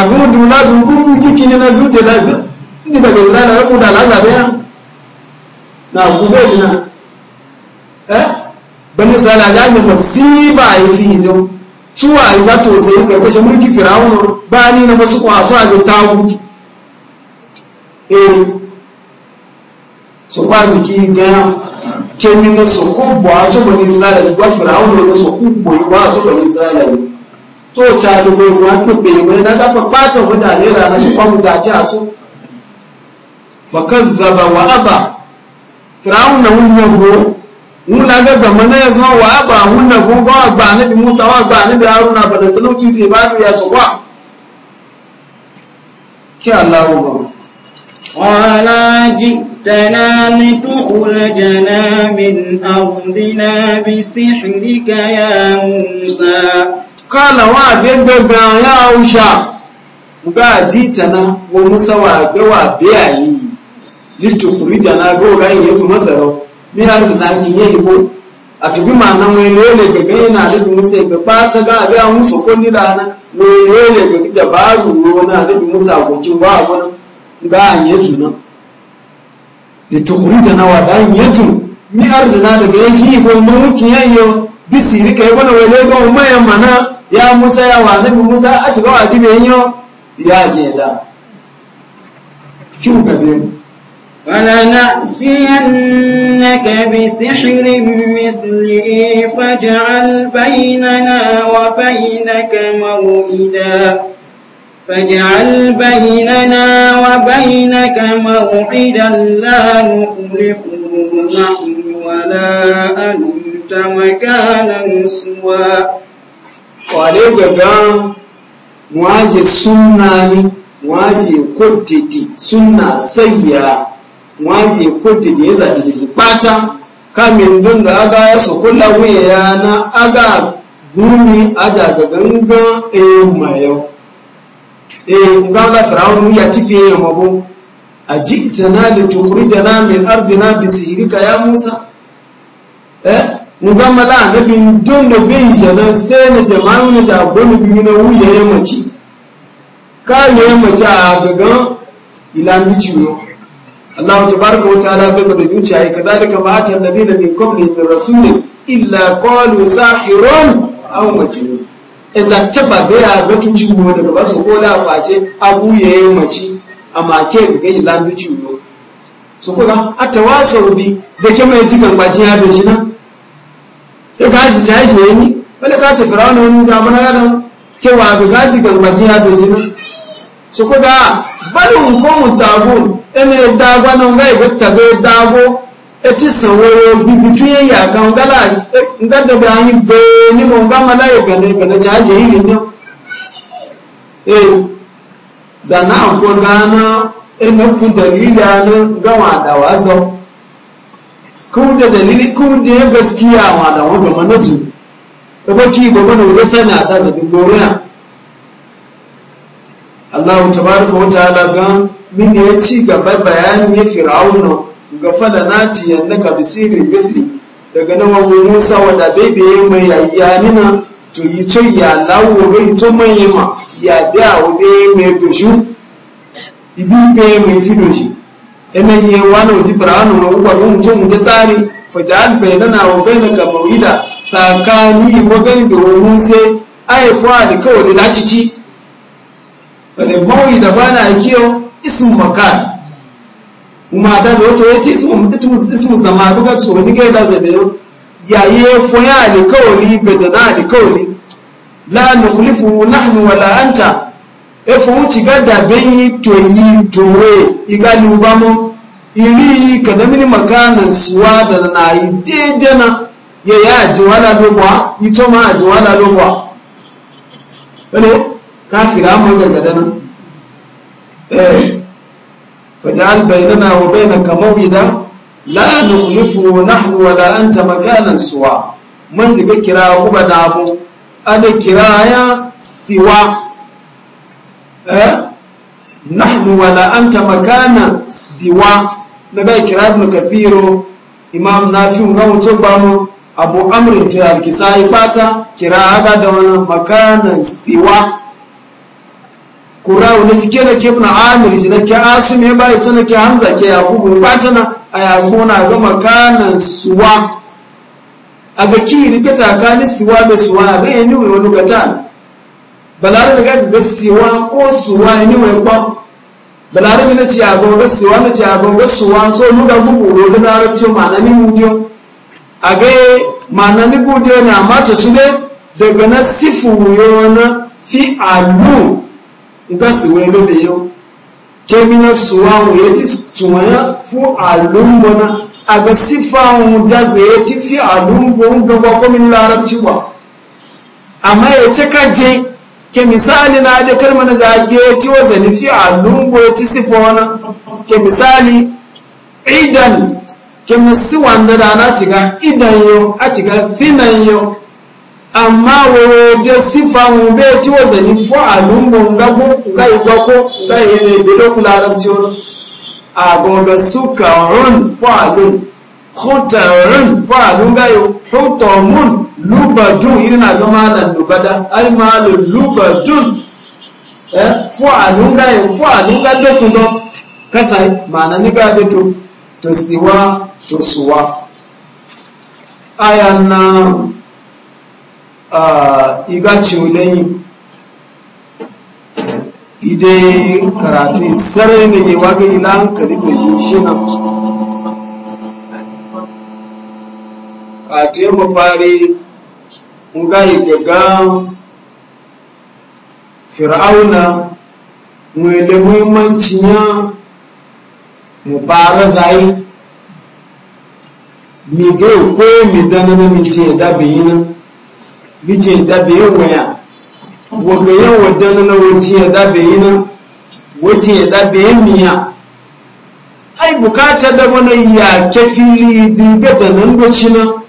agudu lazu gugu kikini na zude laza ndi daga israila ya kuda laza baya na kubeli na eh bani israila laza masiba ya fi hijo tuwa za to sai ka kashe mulki fir'auna bani na wasu kwato a tagu eh so kwazi ki ga kemi na so ko bo a to bani israila ya fir'auna na so ko bo bani israila tó ta gbogbo ìwọ̀n agbègbè ìwọ̀n lágbàpọ̀ pàtàkì òkúta àlera àti pàmùdà àti àtú fọ̀kàn zaba wà ábà fìràhùn náà ń yàgò ń lágbàgbà mọ́nà ẹ̀sán wà ábà ń nàgbọ́n bọ́ àgbà níbi musa wà àgbà níbi haruna àbàdàn tó lóòtú ti bá rí ẹ̀sán wà. kí aláwọ̀ bọ̀. ọ̀la jí tẹ̀lá ní tó kúlẹ̀ jẹ̀lá mi àwùdínà bí sí xìríkà yà musa. kala wa be gaga ya usha ga jita na wa musa wa ga wa be ayi litukurija na go ga yin yetu masarau ni an na ki yi ko a tufi ma na mai lele ga ga yana da musa ga ba ta ga ga musa ko ni da na mai lele ga da baru ro na da musa ko kin ba ko ga an yetu na litukurija na wa ga yin yetu ni ar da na daga shi ko mun ki yayyo bisiri kai wani wele ga mai mana ya musa ya wa nabi musa a shiga wajibi yanyo ya jeda Kala na’tiyanna ka bi sihirin misli faj'al bainana wa bainaka mawu’ida. Faj'al bainana wa bainaka mawu’ida lalu kuli fulon wa la’anun ta makanan suwa. wale gaga waje suna ni waje kodidi suna sayya waje kodidi ya zaɗi da bata kamin don da aga ya kula wuya na aga gumi aja ga gangan e mayo e gaga firawun ya tifi ya da tukuri jana min ardina bisirika ya musa eh nuga na a nabin don da bin shanan sai na jama'a na jagon biyu na wuya ya mace ka yi ya mace a gagan ilan ciwo Allah wata baraka wa ta'ala gaba da zuciya ya kada kama ma'atan da zai da min kwamni min rasulun illa kwalu mace ne. a iza taba da ya ga tun ciwo ba su ko a face wuya ya mace a make ga ilan ciwo so a atawasau bi da kema ya tikan bajiya da shi nan gashi ta shi ne ni wani ka ta firawa wani jamana yana kewa ga gaji ya doji ne su kuga barin ko mu tago ene dago na nga ibe tago dago eti sanwo bibitu ye ya kan gala e da ba yin be ni mo mala ye gane gane yi ne eh zana ko gana ene ku e dalila na ga da wazo ko da dalili ko da ya gaskiya wa da wanda manazu da baki ba mana wani sana ta zabi goriya Allahu tabaraka wa ta'ala ga min ya ci gaba bayanin ya fir'auna ga fala nati yannaka bisiri bisri daga nan mu Musa bai bebe mai yayyanina to yi to ya lawo bai to mai ma ya da wa mai doshu ibi bai mai fi ina wano wani ji fir'aunu na ukwar mutum da tsari faja'al bainana wa bainaka mawida tsakani wa gani da se ai aifuwa da kawai da lacici wani mawida ba na kiyo ismu makan kuma ta zai wato yace ism zama so ni ga da zabe ya ye fuya da kawai bedana da kawai la nukhlifu nahnu wala anta efun ti ga dabe yi to yi towe igali ubamu iri yi mini makanan suwa da na yi deje na ya yi ajiwala lobwa ito ma ajiwala lobwa wani kafira mu ga gada suwa man ziga kira kuma da abu kiraya siwa Eh? nahnu wala anta makana siwa na ga kira ibn imam nafi'u ga mutum ba mu abu amrin to alkisai fata kira haka da wannan siwa kurawu ne cike da kibna amir ji na ke asim ya bayi tana ke hamza ke yakubu fata na a yakuna ga siwa. suwa a ga ki rike tsakanin siwa da suwa ga yanyu wani gata Balare ga ga siwa ko suwa ni wai kwa balarabe na ci ago ga siwa na ci ago ga suwa so mu da mu ko da ma mana ni mu jo age mana ni ku je na mata su ne daga na sifu yo na fi alu ga siwa lo be yo ke mi na suwa mu yati tuwa fu alu bona aga sifa mu da zai ti fi alu bon ga ko min larabci ba amma ya ce ka je ke misali na da kalmar na zage ci wazani a lungo ci sifona ke misali idan ke misi wanda da na ciga idan yau a ciga finan yau amma wo da sifan be ci wazani fi'alun go ga ngai gwako ngai da da kularam ci wani a goga sukarun fi'alun khutarun fi'alun gayo hutamun lubadun irina ga malan lubada ai malu lubadun eh fu alunga e fu anunga de tudo kasa mana ni ga de to to siwa to suwa aya na a ah, iga ci chiulen ide karatu sare ne ke waga ila hankali da shi shi na kate mu fari nga yi gaga fir'auna mai muhimmanci muhimmancin ya mubara zai mi ga ko mi dana na mi ce da biyina mi ce da biye waya wa ga yan wadda na wace da biyina wace da biye miya ai bukata da mana ya kafili diga da nan gocina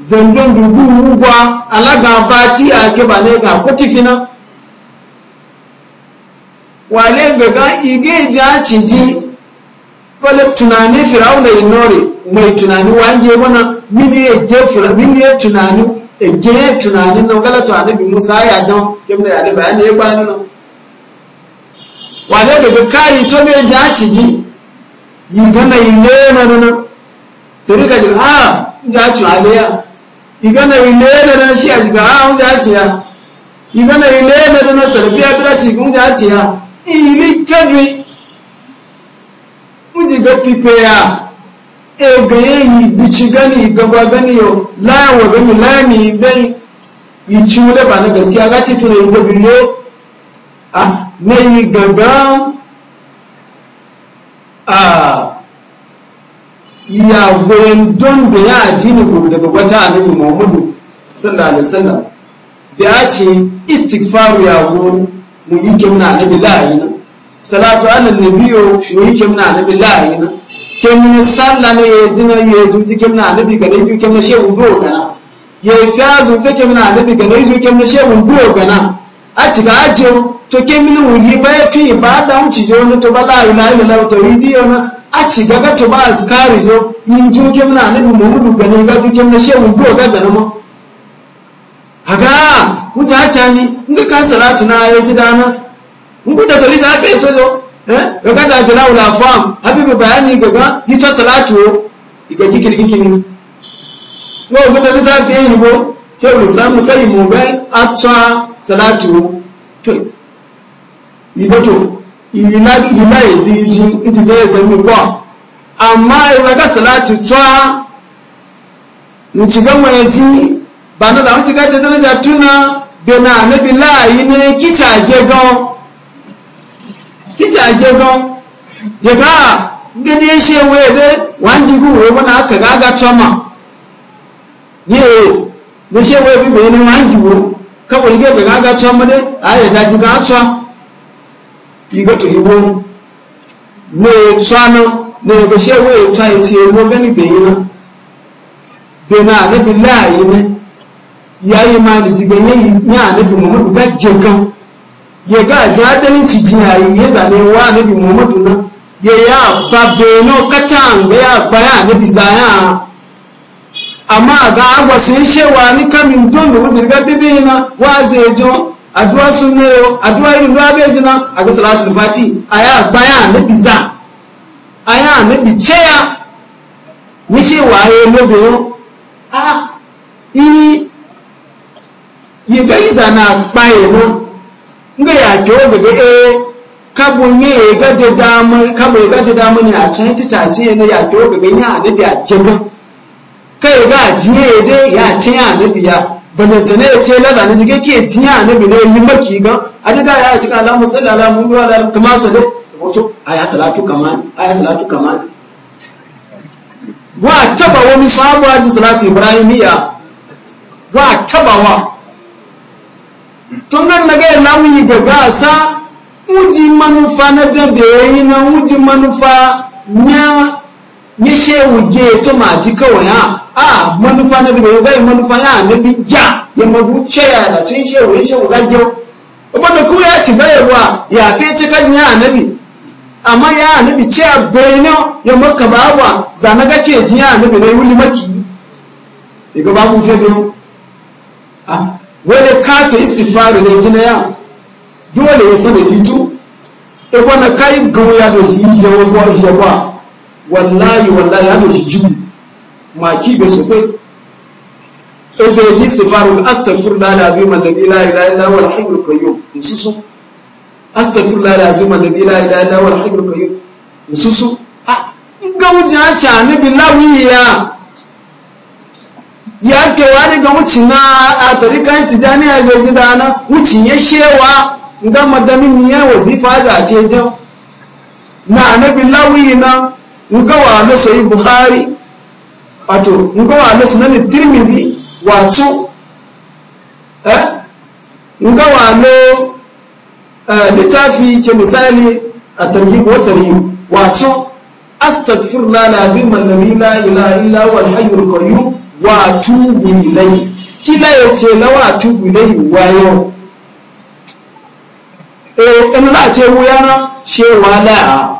zanjon dubu rugwa alaga ci a ba ne ga kuti fina wale ga ige ja cinji wale tunani firawuna inore mai tunani wange mana mini ge fura mini tunani ge tunani na gala to anabi musa ya don yamma ya da bayani ya bani no wale ga kai to me ja ciji yi gana yi ne na na na to rika ji ha ah, ja cin aliya igana ilele na shi ajiga ha ah, unja achiya igana ilele na sarfi abira chi unja achiya ili kadri unji ga pipe ya ebe yi bici gani gaba gani yo la wa gani la mi bai yi ciwule ba na gaskiya ga ci tuna ah, yi gabi ne a na yi gaga a ah. ya goyon don da ya ji ni ko daga wata annabi Muhammadu sallallahu alaihi wasallam da ya ce istighfar ya goyon mu yi kimna annabi la'ayina salatu ala nabiyo mu yi kimna annabi la'ayina kimni sallah ne ya ji na ya ji kimna annabi ga dai kimna shehu do na. ya fi azu fe kimna annabi ga dai kimna shehu do na. a cika ajiyo to kimni wuyi ba ya fi ba da mu jiyo jo ne to ba la'ayina ila tawidi na. a ci gaga to ba azkari zo yi juke muna annabi muhammadu gani ga juke na shehu go ga gani ma aga muta hacha ni nga ka salatu na ya ji dana ngu da tali ta fe tozo eh ga da jira wala fam habibi bayani gaga yi ta salatu iga gikin gikin no ga da ta fe yi bo shehu islam kai mu ga atsa salatu to yi to ilayi diji nti da ya gami ba amma ya zaga salatu twa nci gama ya ji ba na da wanci gaje daraja tuna bena na bilayi ne kica gegon kica gegon ya ga gani ya she webe wani gugu webe na aka gaga choma ye na she webe bayanin wani gugu kawai daji igbó tó yíwó ní tsánà ní ìgbésẹ̀ owó ìtàn etí ewó bẹ́ẹ̀ni gbẹ̀yìn náà gbẹ̀nà àdébí láàyè ní yáyé máa nìtì gbẹ̀yìn yìí ní àdébí mọ̀mọ́dù ká jẹ kan yẹ̀gá àjẹ́ adẹ́ni ti jìn àyè yẹ́ zàlẹ̀ wá àdébí mọ̀mọ́dù náà yẹ̀yà àbá bẹ̀ẹ̀nà kátà àgbẹ̀yà àgbáyà àdébí zàyà àmọ́ àgbà àgbàsí ń ṣèwà ní kámi ń dóńdó sì rí bíbí yìí náà addu'a sunna aduwa addu'a irin da bai jina a ga salatul fati aya baya na biza aya na ya ni she waye no be a i yi ga iza na paye no nga ya jo be e, ga e bu nye ga de dama kabo ga de dama ni a chan titace ne ya jo be ga ni a ne bi a jega ga jiye de ya ce ya ne ya balantane ya ce na zane suke ke jiya na bi ne yi maki gan a duka ya cika alamun salli alamun ruwa da kama su ne wato aya salatu kama aya salatu kama wa taba wani sabuwa ji salatu ibrahimiya wa tabawa tun nan na mu yi daga sa gasa manufa na da yi na wuji manufa nya ni shehu ge to maji kawai ha a manufa na da bai manufa ya ya magu ya da tun shehu kuma ya ci bayarwa ya fi ci kajin ya ce a bayanin ya maka bawa zana ga ke ji ya anabi na wuli maki daga babu fe ne jina ya dole ya sanar hitu ikwana kai gawo ya wallahi wallahi ya shi jibu maki bai su kai ezeji sifarun astaghfirullah alazim alladhi la ilaha illa huwa alhayyul qayyum nususu astaghfirullah alazim alladhi la ilaha illa huwa alhayyul kayo. nususu ga wuja cha ni billahi ya ya kewa ne ga wuci na a tarikan tijani a zai da dana wuci ya shewa ga madamin ya wazifa za a ce jau na anabi lawi na nga wa na sayi bukhari wato nga wa na sunan tirmidhi wato eh nga wa eh littafi ke misali a targhib wa tarhib wato la alazim alladhi la ila illa huwa alhayyul qayyum wa atubu ilayhi kila yace na wa atubu ilayhi yo eh in la ce wuyana shewa la'a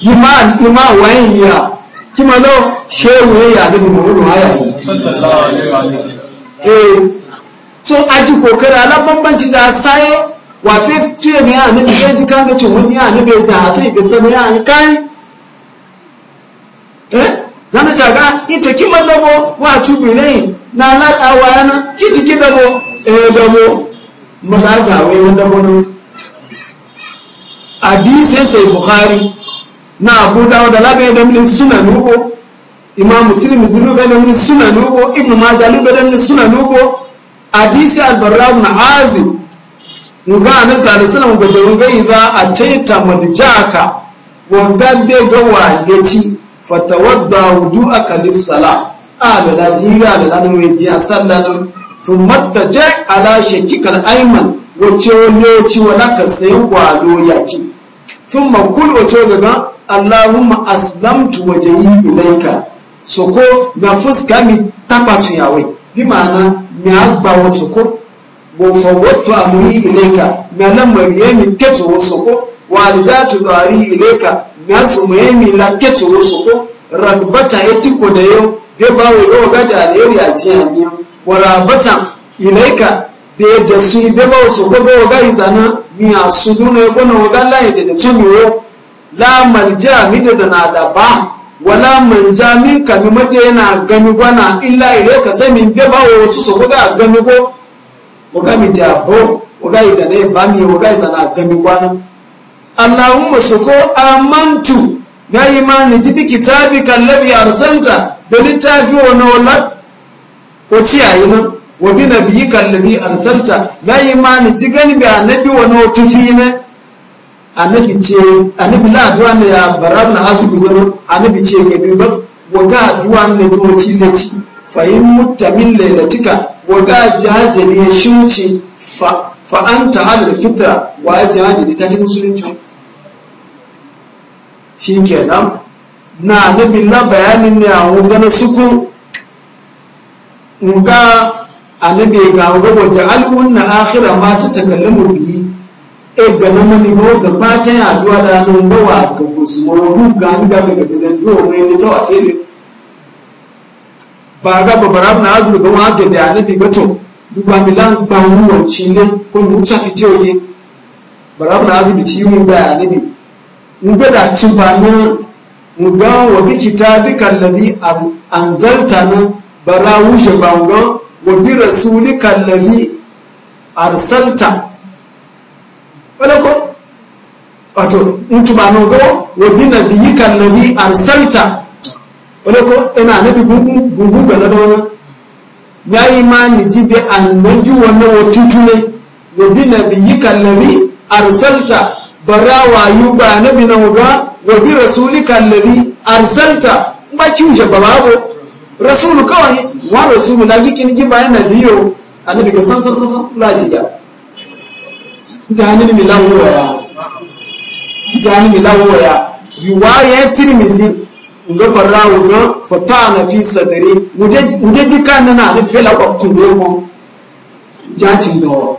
imam imam wayin ya kima lo shehu ya da mu haya eh so aji kokari ala bambanci da sai wa fe tuye ne ya nabi sai ji kan da cin wani ya nabi da ta ga sai ya ni kai eh zan ta ga ita kima labo wa tubi ne na ala la waya na kici kidabo eh dabo mu ta ta wai dabo no hadisi sai bukhari na abu dawo da labe da mini suna nubo imam tirmizi lube da mini suna nubo ibn majah lube da mini suna nubo hadisi al-barra ibn azib nga na sallallahu alaihi ga A idza ataita madjaka wa gadde ga waleci fatawadda wudu'aka lis-salah ala la jira la la we ji sallallahu thumma taja ala shakika al-ayman wa chewleci wa laka sai gwalo yaki thumma kul wa daga Allahumma aslamtu wajhi ilayka soko na fuska mi tapatu yawe bi ma'ana mi agba wa soko wa fawwatu amri ilayka na lamari mi keto wa soko wa dari ilayka na sumaye mi la keto wa soko rabbata yati ko da yau be ba wa ga da alheri a jiya ne wa ilayka be da su be ba wa soko ga izana mi asuduna ko na wa da da tumiwo la malja mita da ba wala manja min mi mata yana gami gwana illa ile ka sai min ba wa wasu su a gami go kuga mi da bo kuga ita ne ba mi kuga ita na gani gwana allahumma suko amantu na imani ji bi kan alladhi arsalta da littafi wa wala ko ciyayi nan wa bi kan alladhi arsalta na imani ji gani bi nabi wa nawtufi ne annabi ce annabi la addu'a ne ya barar na asu guzaro annabi ce ga bi ba wa ga ne to ci ne ci fa in mutta min lailatika wa ga jajale shuci fa fa anta fitra wa jajale ta ci musulunci shikenan na annabi la bayanin ne a wuzana suku nga annabi ga ga waje al'unna akhira ma ta takallamu biyu. e ga ni mani ba ga ya yaduwa da nan bawa ga gusmoru ga ga ga bizanto mai ne tsawa fili ba ga babaram na azu ga wa ga da nabi ga to duba milan ba ruwan ne ko mu ta fite oye baram na azu bi ci mu da nabi mu ga da tuba mu ga wa bi kitabika alladhi anzalta nu bara wushe ba mu ga wa bi rasulika allazi arsalta wadda ko wato mutumanin go wa bi na biyi arsalta wadda ko ina nabi gungun ga na dauna ya yi ma ni ji bi annabi wannan wa tutune wa bi na biyi kallahi arsalta barawa yu ba nabi na muga wa bi rasulika allazi arsalta ba kiushe ba babo rasulu kawai wa rasulu na gikin gibayen nabiyo annabi ga san san san la jiya jani mi lawo ya jani mi lawo ya riwaya tirmizi nga barawo ga fatana fi sadri muje dikana na ne fela ko kunde mo jaci do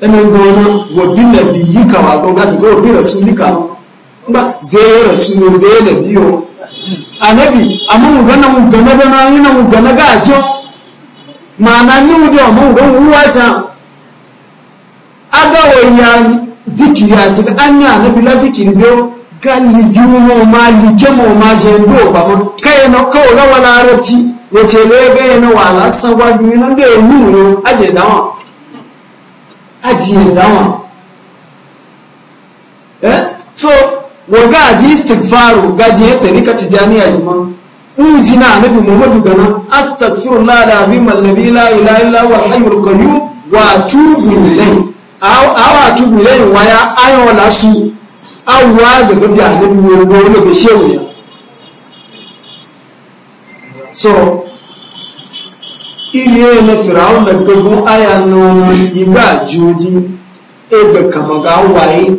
ene gona wo binabi yika wa go ga go bi rasulika ba zai rasulu zai da biyo anabi amma mu gana mu gana gana yana mu gana gajo ma'ana ni wujo amma mu gana ruwa ta aga ya zikiri ati anya na bila zikiri biyo gani biyu mo ma like mo ma je ndo ba mo kai no ko la wala arati wace le be no wala sawa biyu na ga enu yo aje dawon aje dawon eh so wo ga ji istighfaru ga je tarika tijaniya jima uji na nabi muhammadu gana astaghfirullah alazim alladhi la ilaha illa huwa alhayyul qayyum wa atubu ilayhi awa tubu ne waya ayo la su awwa ga gabi annabi wo go ne be shewu ya so ile na firaun da gabu aya no iga joji e ga kamaga waye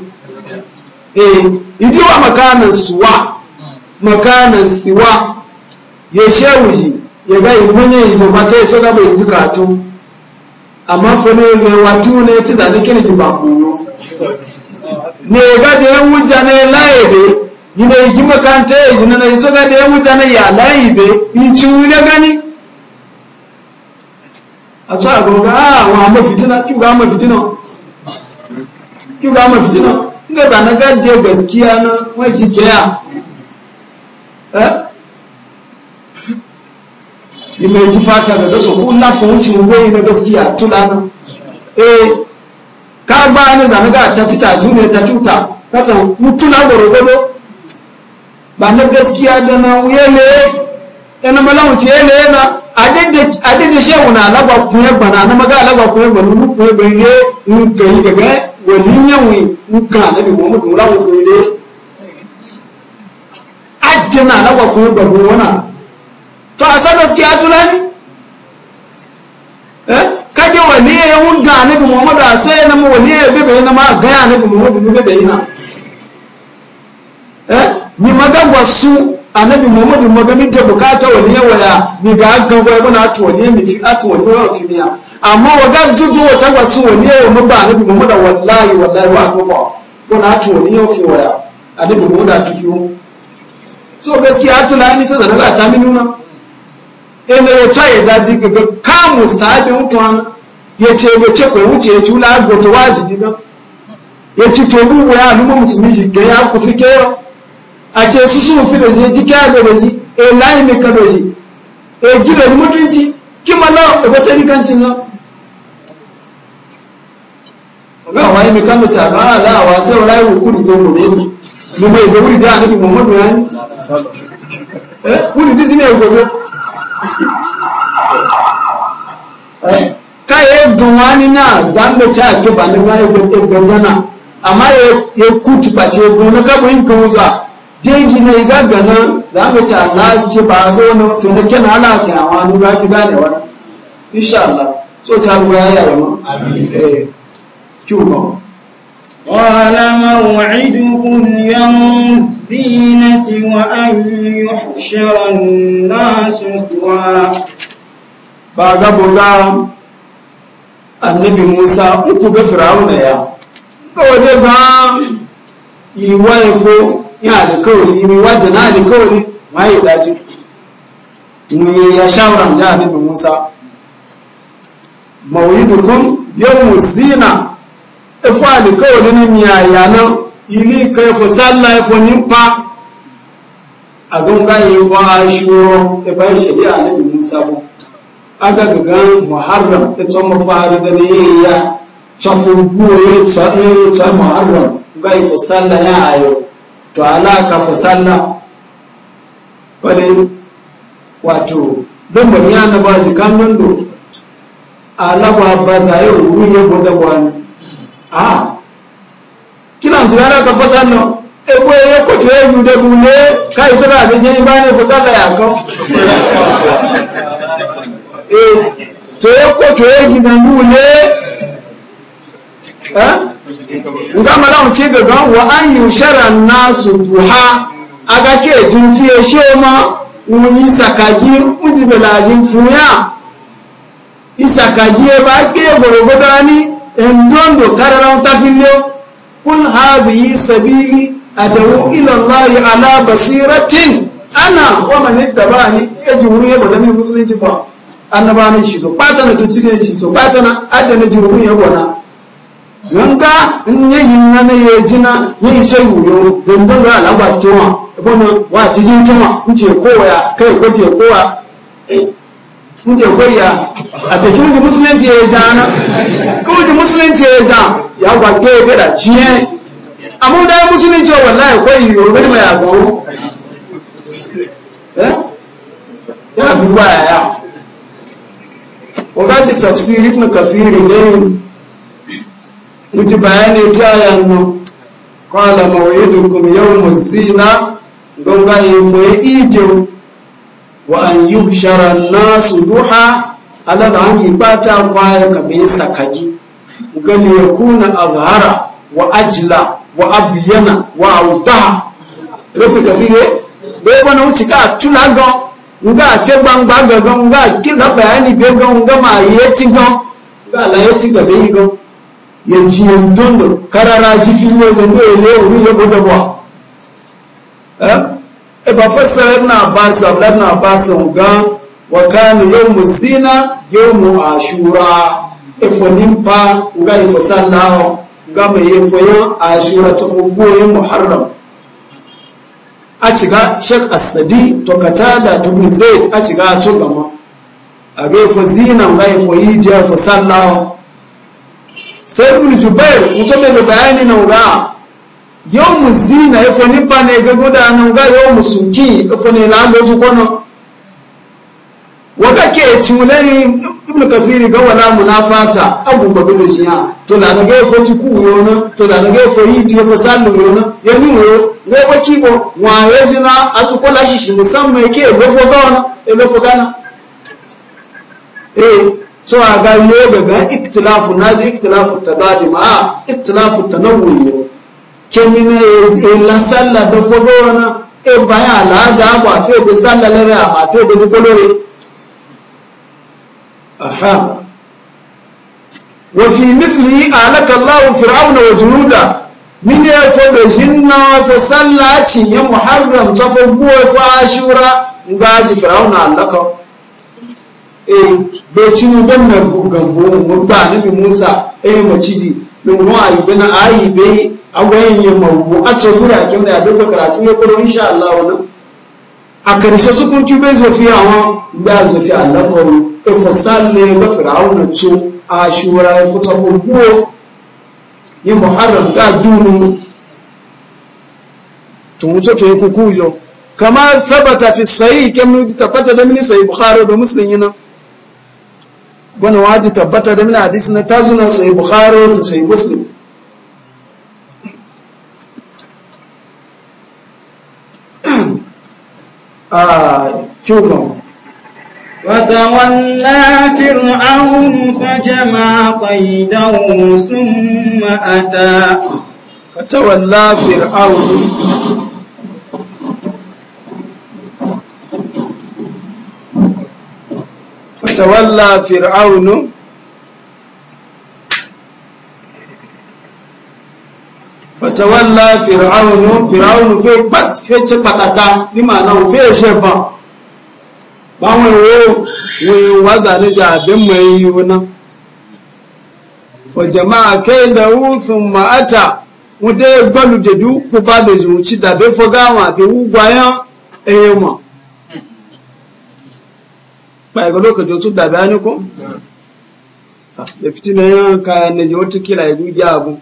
eh idi wa makanan suwa makanan siwa ya shewu ji ya ga imunye izo mata ya so ga bai ji kato amma fa ne zai watu ne ci zane kene ji ba koyo ne ga da ya wuja ne laibe yine yi makanta ya zina na yi ga ya ah, wuja ne ya laibe ni ci wule gani Acha tsawa gonga a wa ma fitina ki ga ma fitina ki ga ma fitina inda zane ga gaskiya na wai jike ya eh ile ji fata da gaso ko na fahimci goyi na gaskiya tulana eh ka ba ni zanaga ta tita june ta tuta kasa mutuna gorogodo ba na gaskiya da na yele yana malawuce yele yana adede shehu na alagba kunye gbana na maga alagba kunye gbana nu kunye gbana ne nga yi gaga wani yawon nka alabi muhammadu mulawun kunye ne na alagba kunye gbana wana to a san gaskiya tunani eh? kage wani ya wunda annabi muhammadu a sai na mu wani ya bebe na ma ga ya annabi muhammadu mu bebe ina eh ni magagwa su annabi muhammadu magani ta bukata wani ya waya ni ga hakan gwai muna to wani mi fi atu wani wa fi miya amma waga juju wata ba su wani ya mu ba annabi muhammadu wallahi wallahi wa akbar muna to wani ya fi waya annabi muhammadu a tukiyo so gaskiya tunani sai da ta mi nuna inda ya caye daji gaga kamu stabi mutuwa ya ce ya e e ce e wuce eh? ya cula ya gota wajibi ga ya ci kewa a ce su sun fi da ji ya ji kya da ji e layi mai na ɗabata rikancin nan ga wani mai kan mace ba ala wa sai wala yi hukuri ko mu ne ya ni ka yi gawani na zanga ci a kiba na bayan gangana amma ya kuti ɓace gona ka kaba yin kawuza dangi na za gana zanga ci a nasu ce ba zo na tun da kyan ala ga wani ba ci gane wani insha Allah so ta ruwa ya yi ma amin eh, kyuma قال موعدكم يوم الزينة وأن يحشر الناس طوعا بغبغا annabi musa uku ga firawuna ya kawai ga iwa ifo ya alkawari mai wajen na alkawari ma yi daji mu ya shawarar da annabi musa mawidukum yau zina ifo alkawari ili kai fa sallah fa nimpa a gan gaye fa ashuro e bai shari'a ne nabi Musa ko aga ga muharram e to mafari da ne ya chafu buwe ta e ta muharram gaye fa sallah ya ayo to ala ka fa sallah wani wato don bani ya na ji kan nan do alaba ba za ya ruye wani a kila mzibana kakosa no ebo ye koto ye yude bune kai toka abeje ibane fosala yako eh to ye koto ye wa an yushara nasu duha aga ke junfie shema muyi sakaji mujibelaji fuya isakaji e ba ke gorogodani endondo kun hadhihi sabili adawu ila Allah ala basiratin ana wa man ittabani ajruye ba da musulunci ba annaba ne shi so bata na tuci ne shi so bata na adda adana jurun ya gona yanka in ya na ne ya jina ya yi sai wuyo zandon da ala ba to ma bona wa jijin tuma in ce koya kai ko ce koya in ce koya a cikin musulunci ya jana ko musulunci ya jana ya gbàgbé ẹgbẹ́ da jí ẹ́ àmúdá mùsùlùmí jọ wà láìpẹ́ ìrò mẹ́rin mẹ́rin àgbọ̀n ó ẹ́ gbogbo àyà wakati tafsiri ibn kathiri leo mti bayani taya no qala mawidukum yawmu zina ngonga yefwe ijo wa ha? yuhshara an-nas duha yí rangi pata kwaya kabisa kaji gani ya kuna azhara wa ajila wa abiyana wa autaha rabu kafire bai bana wuce ka tuna ga nga fe gbangba gangan nga kila ga bai gan ya ji yan karara shi na abbas abdullah na abbas ga wa kana yawmu zina ashura efo nimpa nga efo sallawo nga mai efo yan ashura ta goyen muharram a ciga shek asadi to katada to bin zaid a ciga a cin gama a ga efo zina nga efo yidiya efo sallawo sai ibn jubair mutum da bayani na nga yau mu zina efo nimpa ne ga gudana nga yau mu suki efo ne lalo jukono ake cunayin ibn kasiri ga wala munafata abu ba bin shiya to da daga fo ku yona to da daga fo yi ti fo sallu yona ya ni wo wo ba ki bo wa ya jina a ko la shi shi musamman yake go fo ga wana e go fo gana eh so a ga ne ga ga iktilafu na da iktilafu tadadi a iktilafu tanawwu kemine e la salla da fo ga wana e baya la da ba fe go salla la ba fe go ko lore aha wafi misli alaka allahu fir'auna wa junuda min ya fo be jinna fo sallaci ya muharram ta fo buwa fo ashura ngaji fir'auna alaka eh be cinu don na gambo mun ba musa e macidi dum wa ayi bana ayi be agwayin ya mawu a ce gura kin da duk karatu ya kuro insha Allah wannan àkàrìṣẹ́ sókún tí ó bẹ́ zọ̀fí àwọn gbá zọ̀fí àlákọ̀ọ́rù ìfọ̀sálẹ̀ gbẹ́fẹ̀rẹ̀ àwọn ẹ̀tọ́ aṣọra ìfọ́tọ̀pọ̀ gbúwó ní mohamed gbàdúnú tòun tó tó ikúkú yọ kama fẹ́bàtà fi sọ́yí ìkẹ́mú ti tabbata da mini sọ́yí bukhari da muslim yana gbọ́nà wájú tabbata da mini hadisi na tazuna sọ́yí bukhari da sọ́yí muslim A'a, ciwon ɗin. Ka taɓa lafirna a wasu ma'ada. Ka taɓa lafirna a wani fage tawalla fir'aunu fir'aunu fe pat fe che patata ni ma na fe she ba ba won wo we waza ne ja be yi wona fo jama'a ke da usun ma'ata ata. Mu de du ku ba ju chi da be fo gawa be yo mo ba ko jo su da bayani ko hmm. ta da fitina ya ka ne wata kila ya ja abu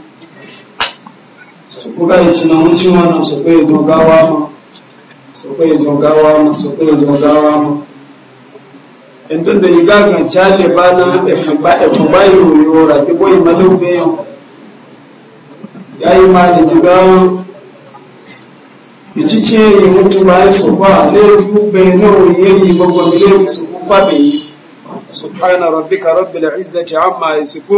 kuka yi tunanin ciwon nan su kai dogawa mu su kai dogawa mu su kai dogawa mu yanzu da yi gagan cale ba na ɗafin bayi yoyo rafi boyi ya yi ma da jigawa ìtítí èyí tó báyé sọ̀pá léèfú bẹ̀rẹ̀ náà yẹ́yìn gbogbo léèfú sọ̀pá bẹ̀yìn sọ̀pá ìnà rọ̀bíkà rọ̀bìlẹ̀ ìzẹ̀tì àmà ìsìnkú